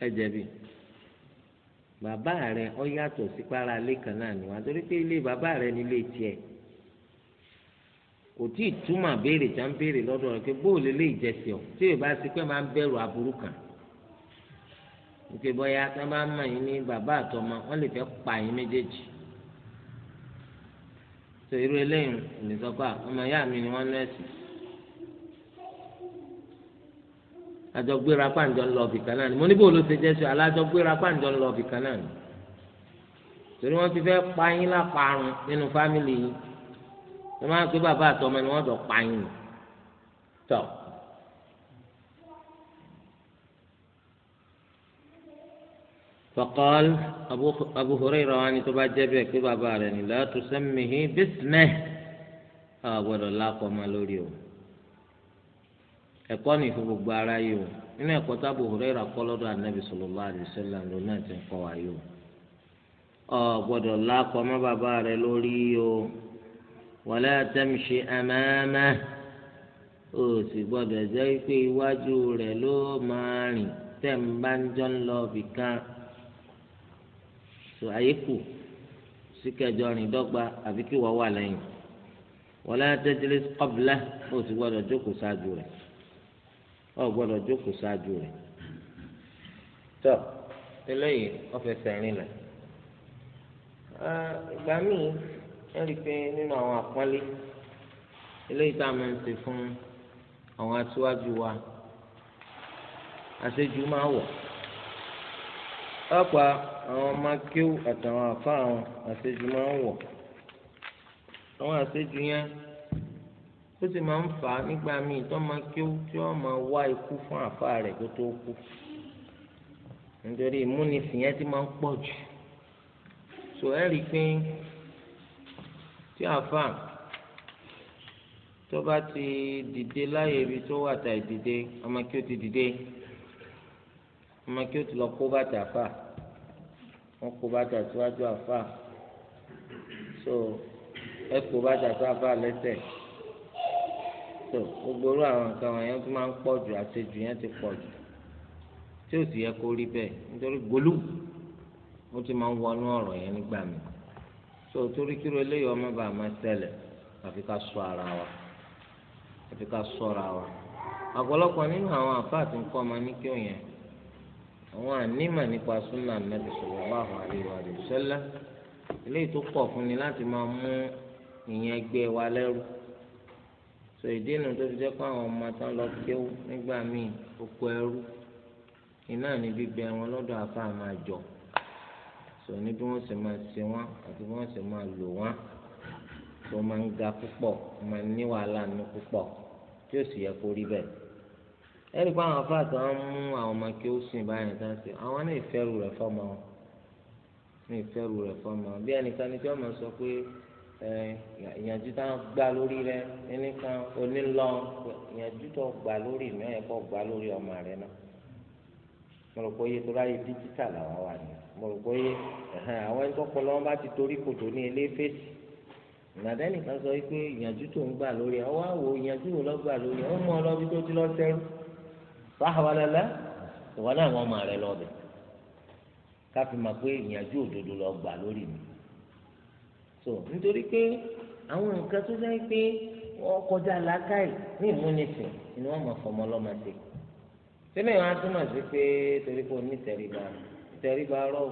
ẹ jẹ̀bi bàbá rẹ ọ yàtọ̀ sí náà ni wà torí pé ilé bàbá rẹ ni ilé kò tí ì túmọ̀ béèrè tí a ń béèrè lọ́dọ̀ rẹ pé bóòlù ọ tí yorùbá sí pẹ́ máa ń bẹ̀rù aburú kan nítorí tí wọ́n bá mọ̀ yín ní bàbá àtọmọ wọ́n lè fẹ́ pa yín méjèèjì tó irú eléyìí àjọgbéra pàǹjọ ń lọ ọbì kan náà ni mo níbo ló ṣe jẹ́ sọ alájọgbéra pàǹjọ ń lọ ọbì kan náà ni torí wọ́n ti fẹ́ pa yín láparun nínú fámìlì yín wọ́n máa ń pè bàbá àtọmọ ni wọ́n jọ pa yín tọ́. فقال أبو أبو هريرة أن تبا جبه كبا بارني لا تسمه باسمه أبو الله قم لوريو ẹ̀kọ́ ní fún gbogbo ara yìí o nínú ẹ̀kọ́ tábù Hurairah kọ́ lọ́dọ̀ anabi sallallahu alaihi wasallam ló náà ti ń kọ́ wa yìí o ọ gbọ́dọ̀ lákọ mọ́ bàbá rẹ lórí o wala tamshi amamah o sì gbọ́dọ̀ jẹ́ pé iwájú rẹ ló máa rìn tẹ̀ ń bá ń jọ ń lọ bìkan so ayé sí kẹjọ rìn dọ́gba àbí kí wọ́n wà lẹ́yìn wala tajlis qablah o sì gbọ́dọ̀ jókòó ṣáájú rẹ̀ ọ gbọ́dọ̀ jókòó ṣáájú rẹ̀ tọ́ eléyìí ọ̀fẹ́ sẹ́rin lẹ̀ ìgbà míì ẹ rí i pé nínú àwọn àpọ́nlé eléyìí tá a máa ń ṣe fún àwọn aṣíwájú wa àṣejù máa wọ̀ ọ̀pọ̀ àwọn ọmọ àtàwọn àfa àwọn àṣejù máa ń wọ̀ àwọn àṣejù yẹn ó sì máa ń fà á nígbà míì tó máa kí ó tí ó máa wá ikú fún àfa rẹ̀ kó tó kú nítorí ìmúnisìn yẹn ti máa ń pọ̀ jù so ẹ rí i pé tí àfa tó bá ti dìde láyè ibi tó wà tà ìdìde ọmọ kí ó ti dìde ọmọ kí ó ti lọ kó bàtà àfa wọn kó bàtà síwájú àfa so ẹ kó bàtà sí àfa lẹ́sẹ̀. So, tó gbogbo orú àwọn nǹkan ya yẹn tó máa ń ju jù àṣejù yẹn ti pọ jù tí ò sì yẹ kó rí ti máa ń wọnú ọrọ yẹn nígbà mi tó torí kí ló léyìí ọmọ bàá máa ara wa àfi ká sọra wa ọ̀pọ̀lọpọ̀ nínú àwọn àfáàtì ń nkọ ọmọ ní kí yẹn àwọn ànímà nípa súnà nàbì eléyìí tó fún ni láti máa mú ìyẹn sọ ìdí nu tó fi jẹ́ pé àwọn ọmọ tán lọ kéwú nígbà míì oko ẹrú iná ní bíbẹ wọn lọ́dọ̀ àfa máa jọ sọ ní bí wọ́n sì máa ṣe wọ́n àti bí wọ́n sì máa lò wọ́n tó máa ń ga púpọ̀ máa ní wàhálà nù púpọ̀ tí ó sì yẹ kó rí bẹ́ẹ̀ ẹnì kan àwọn afa tán mú àwọn ọmọ kéwú sìn báyìí tán sí àwọn náà ìfẹ́rù rẹ̀ fọ́mọ wọn ní ìfẹ́rù rẹ̀ fọ́mọ bí ẹnìkan ní tí ìyànjú tá a gbà lórí rẹ nínìkan onílọ ìyànjú tó gbà lórí mi ọ̀yẹ́ kó gbà lórí ọmọ rẹ náà mo rò pé iye tó ráyè díjítà làwọn wà ní mo rò pé àwọn ẹni tó pọ̀ lọ́wọ́ bá ti torí kòtò ní ilé fèsì ìnàdá nìkan sọ pé ìyànjú tó ń gbà lórí ẹ wá wò ìyànjú wo lọ gbà lórí ẹ ó mú ọ lọ bí tó ti lọ sẹ́rù fáwọn lẹ́lẹ́ ìwọ náà wọ́n mọ rẹ lọ bẹ̀ ká pé ìyànjú òdodo lọ gbà lórí mi so nítorí pé àwọn nǹkan tó jẹ́ pé wọ́n kọjá làákàyè ní ìmúnisìn ni wọ́n mọ̀ fọmọ lọ́mọ sí sílẹ̀ wọn á túmọ̀ sí pé torí pé onítẹ̀ríba tẹ̀ríba rọ̀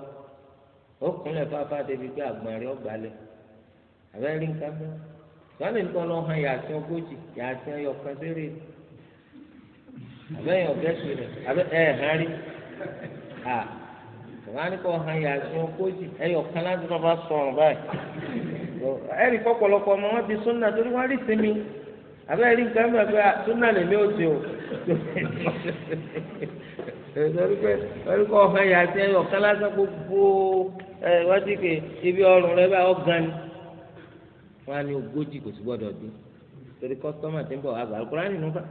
ó kúnlẹ̀ fáfá débi pé àgbọ̀n rẹ̀ ọ̀gbálẹ̀ abẹ́rẹ́ nǹkan mọ́ sọ́ni nǹkan lọ hàn yàtí ogójì yàtí ọkàn sérè abẹ́yẹn ọ̀gẹ́sì rẹ̀ abẹ́ ẹ̀ hàn rí wọn á ní kó han yàtọ̀ ogójì ẹyọ kan láti lọ bá sọ̀rọ̀ báyìí ẹnì kọpọlọpọ ọmọ wọn ti súnà torí wọn rí sinmi abẹ́rẹ́ rí nǹkan mọ̀ pé súnà lèmi ò ti o torí pé torí kó han yàtọ̀ ẹyọ kan láti gbogbo ẹ wọ́n ti ké ibi ọrùn rẹ bá ọ̀gán ni wọn á ní ogójì kò sí gbọ́dọ̀ dín torí kọ́sítọ́mà ti ń bọ̀ àgbà al nínú bá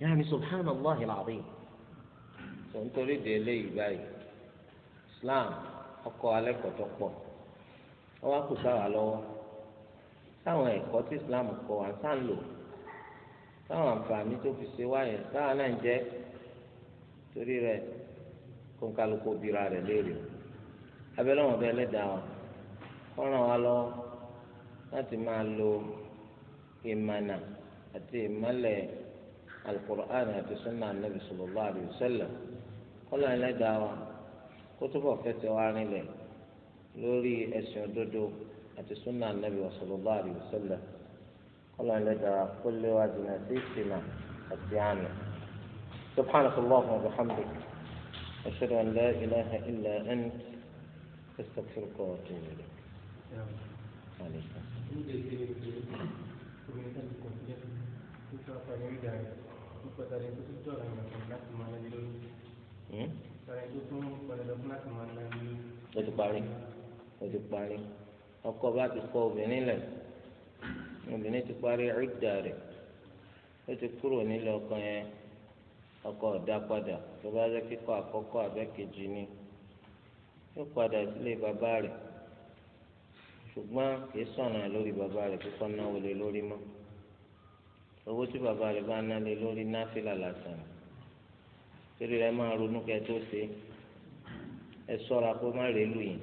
yàrá mi subhanallahi al-azim. tó ń torí de eléyìí báyìí Islam ọkọ alẹ́ kọ̀tọ́ pọ̀ wọ́n wá kù sáwà lọ́wọ́ táwọn ẹ̀kọ́ tí Islam kọ wá sáà lò àǹfààní tó fi ṣe wáyé táwọn náà ń jẹ́ torí rẹ̀ kó ń kálukú bira rẹ̀ léèrè abẹ́lẹ́ bẹ́ẹ̀ lẹ́dàá wọn kọ́ ràn wá lọ́wọ́ láti máa lo ìmànà àti ìmọ̀lẹ̀ alukur'an àti sunna anabi sallallahu alayhi wa sallam. kọ́lọ́ ẹlẹ́dàá wa kó túbọ̀ fẹsẹ̀ wa rinlẹ̀ lórí ẹsùn òdodo àti súnà nàbì sallallahu alaihi wasallam kọ́lọ́ ẹlẹ́dàá kó lé wa jìnnà sí ìsìnà àti àná. سبحانك اللهم وبحمدك أشهد أن لا إله إلا أنت أستغفرك وأتوب إليك. عليكم. parí ó ti parí ọkọ bá ti kọ obìnrin lẹ̀ obìnrin ti parí ìdá rẹ̀ ó ti kúrò nílé ọkọ yẹn ọkọ ọ̀dá padà tó bá jẹ́ kíkọ́ àkọ́kọ́ abẹ́kejì ni ó padà sílé bàbá rẹ̀ ṣùgbọ́n kì í sọ̀nà lórí bàbá rẹ̀ kíkọ́ náwó lé lórí mọ́ owó tí bàbá rẹ̀ bá ná lé lórí náfìlà lásán torí rẹ̀ máa ronú kẹ́ tó ṣe é ẹ ṣọ́ra kó má rè lù yín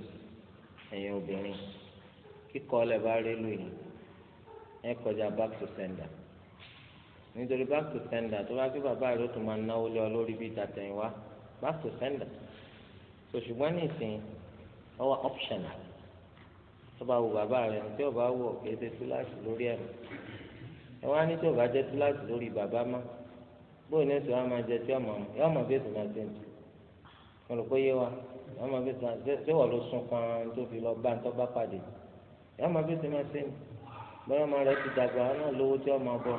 ẹ̀yin obìnrin kíkọ ọlẹ bá rè lù yín ẹ kọjá back to sender nítorí back to sender tó bá gbé bàbá rẹ ó tún máa náwó lé ọ lórí bí ìtàtẹ̀yìnwá back to sender so ṣùgbọ́n ní ìsìn ọwọ́ optional tó bá wù bàbá rẹ ní tí ò bá wù ọ kì í ṣe túláàsì lórí ẹ̀ ẹ wá ní tí ò bá jẹ́ túláàsì lórí bàbá má bóyá ní wa máa jẹ tí ọmọ yọmọ bí ètò máa ṣe ń wọn lò pé yé wa wọn máa fi sàn ṣé wọn ló sun kan tó fi lọ bá ń tọ́ bá pàdé yàrá máa fi sè máa sè bọ́lá máa rẹ ti dàgbà náà lówó tí wọ́n máa bọ̀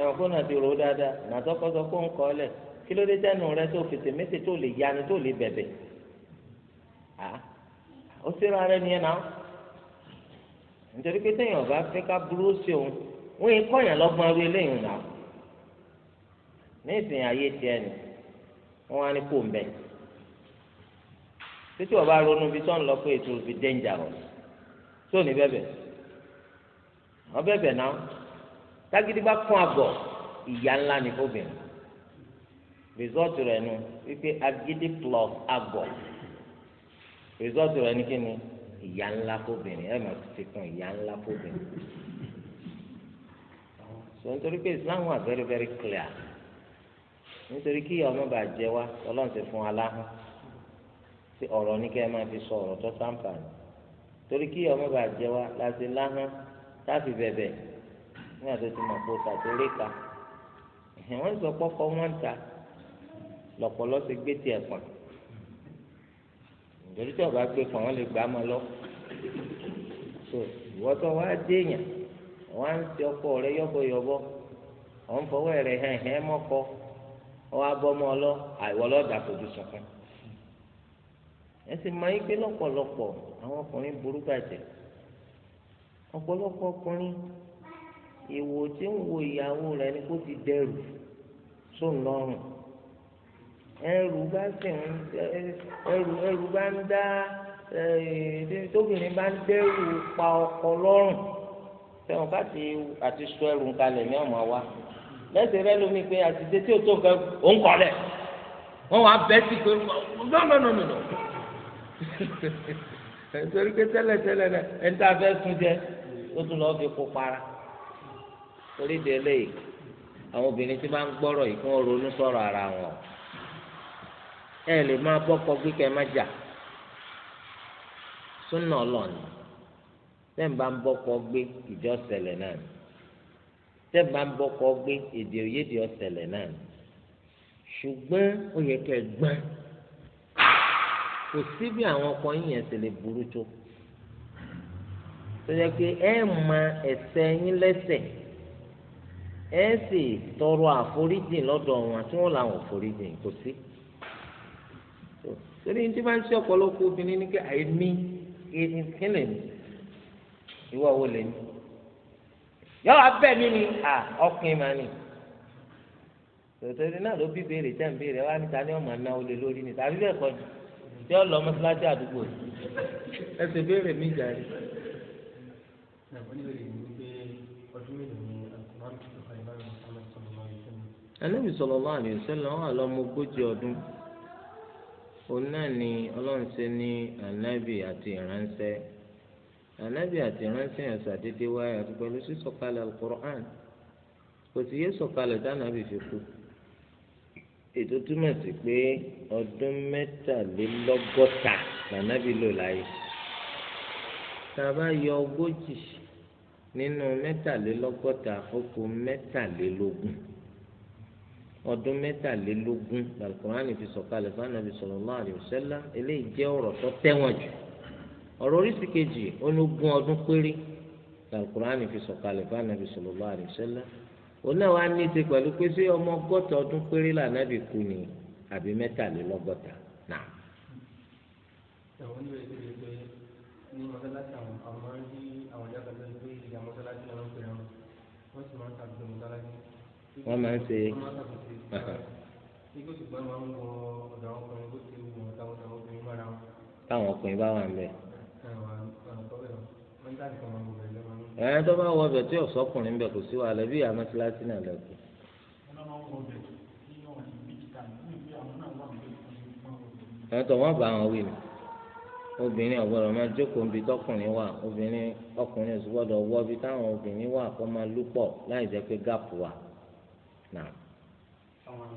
ẹ̀wọ̀n kó náà ti rò ó dáadáa nàtọ́kọ́sọ kó ń kọ́ ọ lẹ̀ kí ló dé tẹ́nu rẹ tó fèsì méjì tó lè yanu tó lè bẹ̀bẹ̀ ó síra rẹ nìyẹn náà nítorí pé téèyàn bá fẹ́ ká burú sí òun wọ́n yìí kọ́yàn lọ́gbọ́n arú eléyìí náà ní ìsìn ayé tiẹ̀ nìyẹn wọn wá ní kó mbẹ títí wọn bá ronú bí tó ń lọ pé ètò òfin dangerous tó ní bẹ̀bẹ̀ wọn bẹ̀bẹ̀ náà tágídí bá kún àgọ́ ìyá ńlá ní fóbìnrin rìsọ́ọ̀tì rẹ̀ nu wípé agídí plus àgọ́ rìsọ́ọ̀tì rẹ̀ ní kí ni ìyá ńlá fóbìnrin ẹ̀ máa ti kún ìyá ńlá fóbìnrin so nítorí pé Islam wà very very clear nítorí kí ìyá ọmọ bá jẹ wá ọlọ́run ti fún aláhùn tí ọ̀rọ̀ ní kẹ́ ẹ máa fi sọ ọ̀rọ̀ tó sáǹfààní torí kí ìyá ọmọ bá jẹ wá láti láhùn táàfì bẹ̀bẹ̀ nígbà tó ti mọ̀ pé o tàbí ríka wọ́n sọ pọ́kọ́ wọ́n ta lọ̀pọ̀lọ́ ti gbé tiẹ̀ pọ̀n torí tí ọba gbé pọ̀n wọ́n lè gbà mọ́ lọ so ìwọ́tọ̀ wá déèyàn wọ́n á ń ti ọkọ rẹ yọ́bọ̀yọ́bọ̀ ọ̀ ọwọ́ abọ́mọ ọlọ́ àìwọ́ lọ́dà fojú sunkún ẹ sì máa ń gbé lọ́pọ̀lọpọ̀ àwọn ọkùnrin burú bàjẹ́ ọ̀pọ̀lọpọ̀ ọkùnrin ìwò tí ń wo ìyàwó rẹ̀ ni kó ti dẹrù sóun lọ́rùn ẹrù bá sì ń ẹrù ẹrù bá ń dá tóbìnrin bá ń dẹrù pa ọkọ lọ́rùn tẹ̀wọ̀n ká ti àti sọ ẹrù kalẹ̀ ní ọ̀mọ̀ wa lẹ́sẹ̀ rẹ lómi pé àtijọ́ tí o tó nǹkan ò ń kọ́ lẹ̀ wọ́n wàá bẹ́ẹ̀ sí pé nọ́nọ́nọ́nọ́ nítorí pé tẹ́lẹ̀tẹ́lẹ̀ náà ẹni tá a fẹ́ sun jẹ ó tún lọ́ọ́ fi kó para torí de eléyìí àwọn obìnrin tí bá ń gbọ́rọ̀ yìí fún ronú sọ̀rọ̀ ara wọn ẹ lè máa bọ́kọ gbé kẹ́ má jà súnà ọlọ́ọ̀ni bẹ́ẹ̀ bá ń bọ́kọ gbé ìjọ ṣẹlẹ̀ náà ni tẹ́ bá ń bọkọ gbé èdè òyédè ọsẹlẹ náà ni ṣùgbọ́n ó yẹ kẹ́ gbọ́n kò sí bí àwọn ọkọ yín yẹn ti lè burú tó tó yẹ pé ẹ mọ ẹ̀ṣẹ̀ yín lẹ́ṣẹ̀ ẹ sì tọrọ àforíjìn lọ́dọ̀ wọn tí wọn làwọn àforíjìn kò sí torí ní tí bá ṣe ọ̀pọ̀lọpọ̀ obìnrin ní kí àìní kí ni ìwà wo lè ní yọ abẹ́ mi ni à ọkùnrin mà ni tòtòrí náà ló bí béèrè tẹ́ ń béèrè wá níta ní ọmọ náà ó lè lórí ni tàbí bẹ́ẹ̀ kọ́ tí ó lọ mọ́sálásí àdúgbò ẹsẹ̀ béèrè mi jàre. Ànábì sallallahu alaihi wasallam wà lọ́mọ ogójì ọdún òun náà ni Ọlọ́run ṣe ní ànábì àti ìránṣẹ́ ànábì àti ìránṣẹ́ yẹn ṣàdédé wáyé àti pẹ̀lú sísọ̀kalẹ̀ alukur'an kò sì yé sọ̀kalẹ̀ tánàbì fi kú ètò túmọ̀ sí pé ọdún mẹ́tàlélọ́gọ́ta lànàbì lò láyé tá a bá yọ ogójì nínú mẹ́tàlélọ́gọ́ta ó kù mẹ́tàlélógún ọdún mẹ́tàlélógún làlùkùránì fi sọ̀kalẹ̀ fún ànàbì sallallahu alaihi wasallam eléyìí jẹ́ ọ̀rọ̀ tó tẹ̀wọ̀n jù ọ̀rọ̀ oríṣi kejì ológun ọdún péré làlùkùránì fi sọ̀kalẹ̀ fún anabi sallallahu alaihi wasallam òun náà wá ní í ṣe pẹ̀lú pé ṣé ọmọ ọgọ́ta ọdún péré lànàbì kú ni àbí mẹ́tàlélọ́gọ́ta náà. ní wọ́n máa ń ṣe. táwọn ọkùnrin bá wà ń bẹ̀ ẹ tó bá wọ ọbẹ tí ọsọkùnrin bẹ kò sí wàhálà bí àmọ́ kíláàsì náà lẹkọọ. ẹ tó wọn bá àwọn wí ni obìnrin ọgbọ́dọ̀ máa jókòó níbi tọkùnrin wà obìnrin ọkùnrin oṣù gbọ́dọ̀ wọ ibi táwọn obìnrin wà kó máa lúpọ̀ láì jẹ́ pé gáàpù wà náà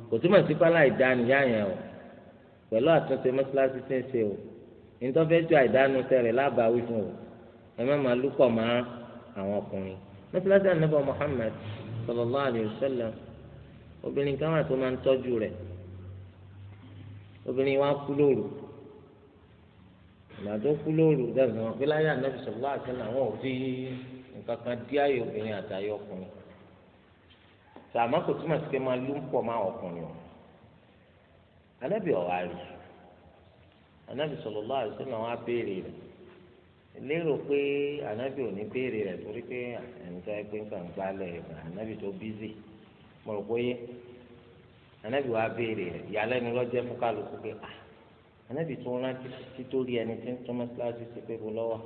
kò túmọ̀ sí pálá ìdánìyá yẹn o pẹ̀lú àtúnṣe mọ́ṣáláṣí tí ń ṣe o nítorí ju àìdánù tẹ̀rẹ̀ lábàáwí fún o ẹ má máa lúpọ̀ mọ́ àwọn ọkùnrin mọ́tíláṣí ànábì Muhammad sallallahu alayhi wa sallam obìnrin kan wà tó máa ń tọ́jú rẹ̀ obìnrin wa kú lóru ìgbà tó kú lóru dẹ́gbẹ̀ẹ́ wọn pé láyé ànábì sallallahu alayhi wa sallam àwọn ò fi nǹkan kan dí ayé obìnrin àtàyé ọkùnrin sàmà kò túmọ̀ sí pé máa lúpọ̀ mọ́ àwọn ọkùnrin o ànábì ọ̀wá ànábì sallallahu alayhi wa sallam rẹ̀ lérò pé ànábì ò ní béèrè rẹ̀ torí pé ẹnìkan ẹgbẹ́ nǹkan gbalẹ̀ ànábì tó bízì mo rò pé ànábì wa béèrè rẹ̀ ìyàlẹ́nu lọ́jẹ́ fún kálukú pé à ah, ànábì tó rántí títórí ẹni tí ń tún mọ́sálásí ti pé lọ́wọ́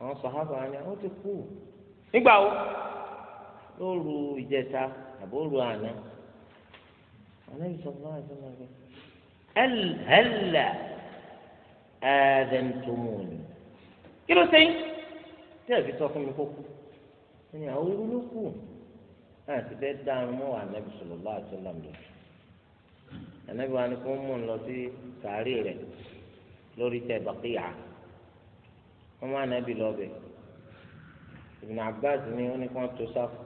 àwọn sàhábà ni àwọn ti kú nígbà wo lóru ìjẹta àbóru àná ànábì sọ̀rọ̀ náà sọ̀rọ̀ náà ẹ̀ ẹ̀ lẹ̀ ẹ̀ ẹ̀ dẹ̀ ń tó mú un kí ló ṣe yín tí ẹ fi sọ fún mi kó kú ẹni àwọn olólùkù àti bẹ́ẹ̀ dáhùn mọ́ ànábì sallallahu alaihi wasallam ànábì wa ni kò mú un lọ sí sàárì rẹ̀ lórí tẹ bàkìyà wọn mú ànábì lọ bẹ Ibn Abbas ni ó ní kí wọn tó sáfù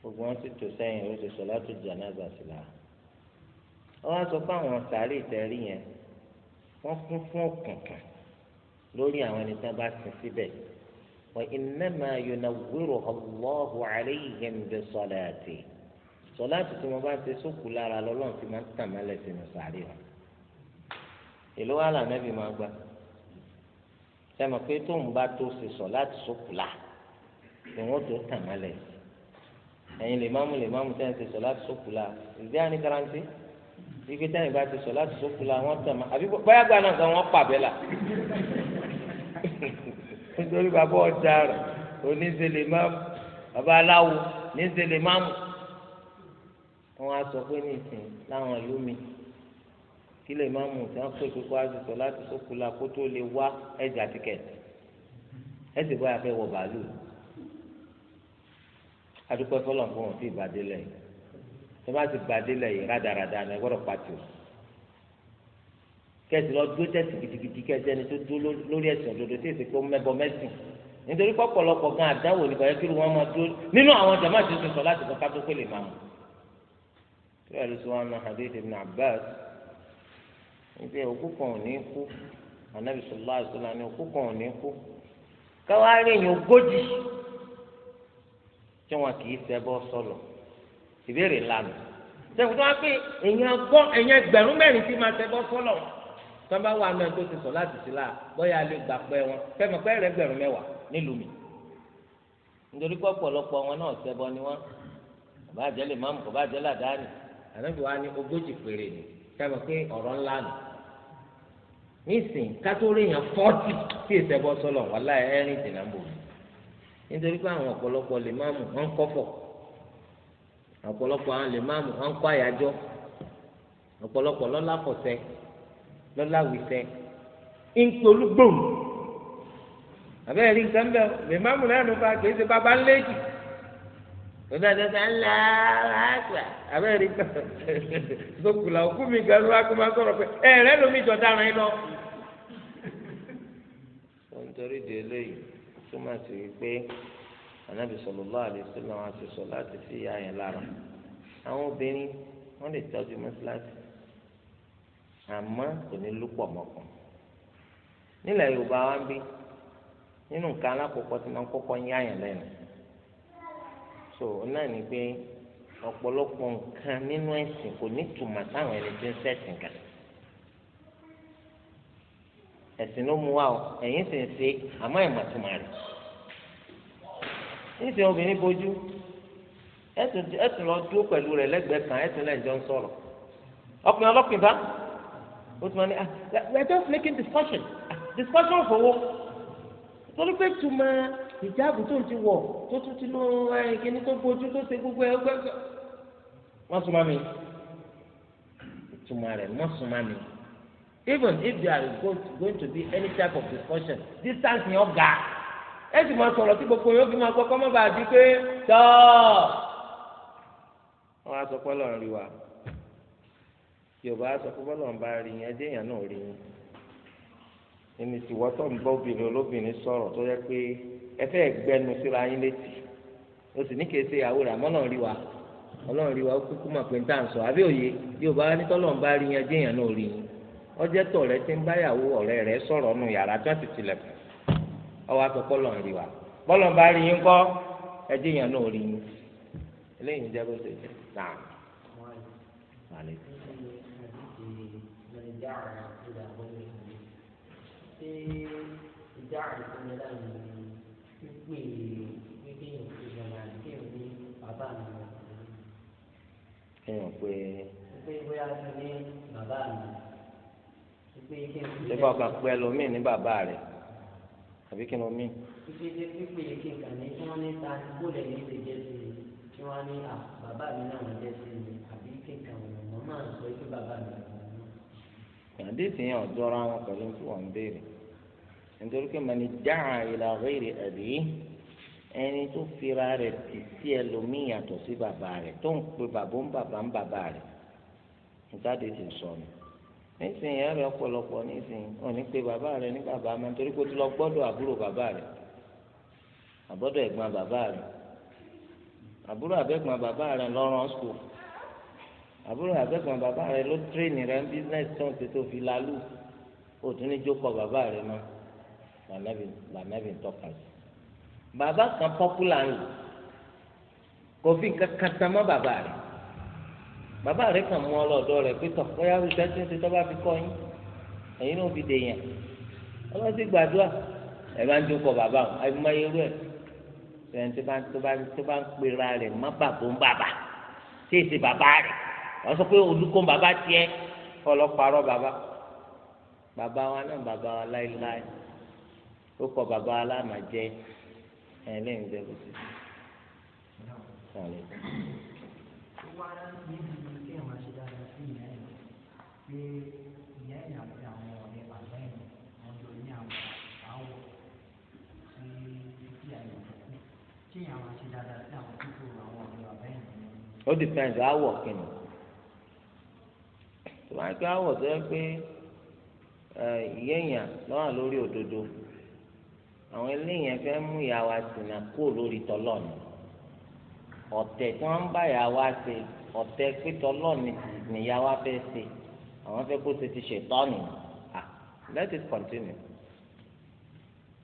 gbogbo wọn sì tó sẹ́yìn ó ti sọ̀látù jánásà sí la wọn sọ fún àwọn sàárì tẹrí yẹn wọn kún fún òkùnkùn lórí àwọn ẹni tí wọn bá sin síbẹ̀ wa innama yunawwiru Allahu alayhim bi salati sọláàtì tí wọn bá ṣe sókù lára lọ́lọ́run ti máa ń tàn mọ́lẹ̀ sínú sàárè wọn èló wà lànàbì máa gbà sẹ́mi pé tóun bá tó ṣe sọláàtì sókù là ni wọ́n tó tàn mọ́lẹ̀ ẹ̀yin lè máàmù lè máàmù tẹ́yìn ti sọ láti sókù la ìdí àní garanti ibi tẹ́yìn ti sọ láti sókù la wọ́n tẹ̀ ma nítorí bàbá ọ̀daràn oníṣẹlẹ máàmù bàbá aláwo níṣẹlẹ máàmù wọn á sọ pé nìsín láwọn ìlú mi kí lè máàmù tí wọn pè pípa àtúntò láti sókùlà kó tó lè wá ẹjà tíkẹtì ẹsì báyà fẹ́ wọ bàálù adúpẹ́ fọlọ́n fún wọn sí ìbàdí lẹ̀ yìí tí wọ́n bá ti bàdí lẹ̀ yìí rádaràda ni ẹ gbọ́dọ̀ pàtó kẹsì lọ dúró tẹsí gidigidi kẹsì ẹni tó dúró lórí ẹsìn òdodo tí èsì pé mẹbọ mẹsìn nítorí pọpọlọpọ gan àdáwò nípa ẹkí wọn máa dúró nínú àwọn jama tí ó ti sọ láti kọ ká tó pé lè máa mọ. tí wàá lọ wọn náà hadith ibn abbas níbi òkú kan ò ní kú anabi sallallahu alaihi wasallam ni òkú kan ò ní kú káwá rí èèyàn ogójì tí wọn kì í ṣẹbọ sọlọ ìbéèrè lánàá. sẹ́kùtà pé èèyàn gbọ́ èèyàn tó bá wà náà tó ti sọ láti sí la bóyá lè gbà pẹ́ wọn fẹ́mi pẹ́ rẹ gbẹ̀rún mẹ́wàá nílùú mi nítorí pé ọ̀pọ̀lọpọ̀ wọn náà ṣẹbọ ni wọn bàbá àjẹ́ lè má mú bàbá àjẹ́ làdáni ànábì wa ní ogójì péré ni fẹ́mi pé ọ̀rọ̀ ńlá nù nísìnyí kátólì yẹn fọ́tì tí ìṣẹ́bọ sọlọ wà láì ẹ́rìn ìdènà ń bò nítorí pé àwọn ọ̀pọ̀lọpọ̀ lè má mú kọ́ lọ́la wìsẹ́ ńkpolú gbòm àbẹ́rẹ́ rí nǹkan bẹ́ẹ̀ lè má múlẹ̀ ẹnu bá kì í ṣe bàbá ńlẹ́jì lọ́dọ̀ àti ọ̀sán ńlá àgbà àbẹ́rẹ́ rí nǹkan sókùlà òkú mi gan ló wá kó máa sọ̀rọ̀ pé ẹ rẹ lómi jọ dára yín lọ. wọ́n torí di eléyìí túmọ̀ sí wípé anábì sallallahu alaihi wasallam àti sọ láti fi yá yẹn lára àwọn obìnrin wọ́n lè tọ́jú mọ́sálásí àmọ́ kò ní lúpọ̀ mọ́kàn nílẹ̀ yorùbá wa ń bí nínú nǹkan alákọ̀ọ́kọ́ tí wọ́n kọ́kọ́ ń yáyàn lẹ́nu so náà ni pé ọ̀pọ̀lọpọ̀ nǹkan nínú ẹ̀sìn kò ní tùmọ̀ sáwọn ẹni tí ń ṣẹ̀sìn kan ẹ̀sìn ló mú wa o ẹ̀yin sì ń ṣe àmọ́ ẹ̀ màtúmọ̀ rẹ̀ níṣẹ́ obìnrin bojú ẹ̀sùn lọ dúró pẹ̀lú rẹ̀ lẹ́gbẹ̀ẹ́ kan ẹ̀sùn lẹ́jọ́ ń sọ̀rọ̀ ọkùnrin ọlọ́pìnrin bá ó tún wá ah we are just making discussion ah, discussion for work. torí pé tuma ìjáàbù tó ń ti wọ̀ tó tún ti lọ kíní tó bójú tó ṣe gbogbo ẹgbẹ́ wọ́n súnmọ́ mi ìtumọ̀ rẹ̀ wọ́n súnmọ́ mi even if there are going to be any type of discussion distance ni ọ̀gá ẹ sì máa sọ̀rọ̀ tí gbogbo yóò fi máa gbọ́ kọ́ mọ́ bàa di pé tọ́ọ̀ wọ́n á sọ pé ọlọ́run rí wa yorùbá sọ pé bọ́lá ń bá rí yín ẹjẹ́ èèyàn náà rí yín ẹni tí wọ́n tọ̀ ń bọ́ obìnrin olóbìnrin sọ̀rọ̀ tó yẹ pé ẹ fẹ́ gbẹnu síra yín létí o sì ní kí ẹsẹ̀ ìyàwó rẹ̀ àmọ́ náà rí wa ọlọ́run rí wa ó kúkú mọ̀ pé ń tà ń sọ àbí òye yorùbá ní tọ́lọ̀ ń bá rí yín ẹjẹ́ èèyàn náà rí yín ọjọ́ tó rẹ ti ń báyàwó ọ̀rẹ́ rẹ sọ̀rọ̀ nù yàrá tó ti tilẹ̀kùn ọwọ́ àtọ́kọ́ lọ́n rí wa bọ́lọ̀ ń bá rí yín kọ́ ẹjẹ́ èèyàn náà rí ìdáhùn ìdá ọgbẹ́ ìwé ṣé ìdáhùn tó láàyè pípé pípé ìṣẹ̀lẹ̀ àti ìwé bàbá mi wọ̀. kéèyàn pé. pípé bóyá ti ní bàbá mi. pípé kí n fi. ṣé kọ́kàn pé ní bàbá rẹ̀ àbí kí n lọ pípé jẹ́ pípé kí n kà ní kí wọ́n ní ta kó lè ní ìṣèjẹ́ sí i kí wọ́n ní bàbá mi náà wọ́n jẹ́ sí i àbí kí n kà wọ́n mọ́ máa sọ pé bàbá mi àdéhùn yẹn ọ̀dọ́ra wọn pẹ̀lú tí wọ́n ń béèrè nítorí pé màní dáhà ìlà rírì àbí ẹni tó fira rẹ̀ tì sí ẹlòmíì yàtọ̀ sí bàbá rẹ̀ tó ń pe bàbá ń bàbá ń bàbá rẹ̀ nítorí ti sọ ni nísìnyí ẹ̀rọ ọ̀pọ̀lọpọ̀ nísìnyí wọn ní pe bàbá rẹ̀ ní bàbá máa nítorí pé ó ti lọ gbọ́dọ̀ àbúrò bàbá rẹ̀ àbọ́dọ̀ ẹ̀gbọ́n bàbá rẹ̀ àbúrò àbẹ̀gbọ́n bàbá rẹ̀ lọ́rùn school àbúrò àgbẹ̀gbọ̀n bàbá rẹ ló tírèènì rẹ ní bísínẹ́sì tó ń ṣe tó fi lálù ó tún ní jókòó bàbá rẹ mọ́ lànàbì ń tọ́ka sí. bàbá kan pọ́pùlà ń lò kò fi nǹkan kan tán mọ́ bàbá rẹ bàbá rẹ kàn mú ọlọ́dọ̀ rẹ pé tọ̀ bóyá ìṣẹ́ tí ń ṣe tó bá fi kọ́ yín ẹ̀yin náà fi dèèyàn ọlọ́sí gbàdúrà ẹ̀ máa ń jókòó bàbá àwọn àìmọye irú ẹ̀ sẹ́yìn tó bá ń pera rẹ̀ má bàbá ń bàbá tí wọ́n sọ pé olùkọ́ bàbá tiẹ̀ ọlọ́pàárọ̀ bàbá bàbá wa náà bàbá wa láéláé ó kọ bàbá wa láàmà jẹ ẹ lẹ́yìn ìjẹ́bù sí i. ó dìpẹ́ǹsì àwọ̀ kìnnìún. tòun àgbà wọ̀ tó yẹ pé ìyẹ́yàn lọ́wọ́ lórí òdodo àwọn eléyàn fẹ́ mú ìyá wa sìnà kó lórí tọ́lọ́ọ̀nù ọ̀tẹ̀ tí wọ́n ń bá wa ọ̀tẹ̀ pé tọ́lọ́ọ̀nù nìyá wa ṣe àwọn fẹ́ kó ṣe ti ṣètọ́nù ah let it continue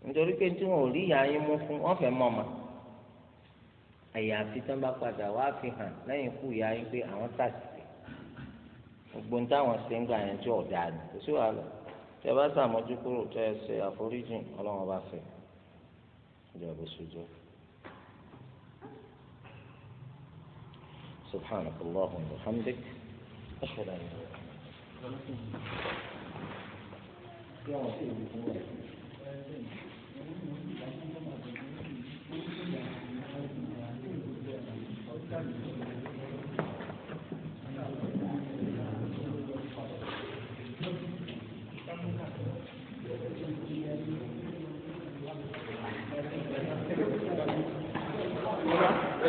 nítorí pé tí wọn ò rí ìyá mú fún wọn fẹ́ mọ̀ ọ́mà àyàfi tí wọ́n bá padà fi hàn lẹ́yìn ikú ya pé àwọn tàṣì gbogbo ní táwọn ṣe ń gbà yẹn tí ọ̀dà ni kò sí wàhálà tí ẹ bá ṣàmójú kúrò tẹ ẹ ṣe àforíjì ọlọ́run bá fẹ́ ìjọba ìṣòjọ́. سبحانك اللهم وبحمدك أشهد أن لا إله إلا أنت Ah,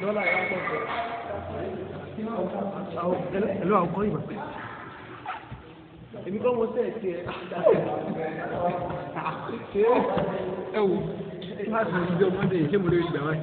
dọ́là àwọn kọ́ ìmọ̀ pé èmi kọ́ mo sẹ́ẹ̀ tiẹ̀ ẹ wò má sọ ìjọba ọmọdé yìí ṣé mo lè gbà wáyé.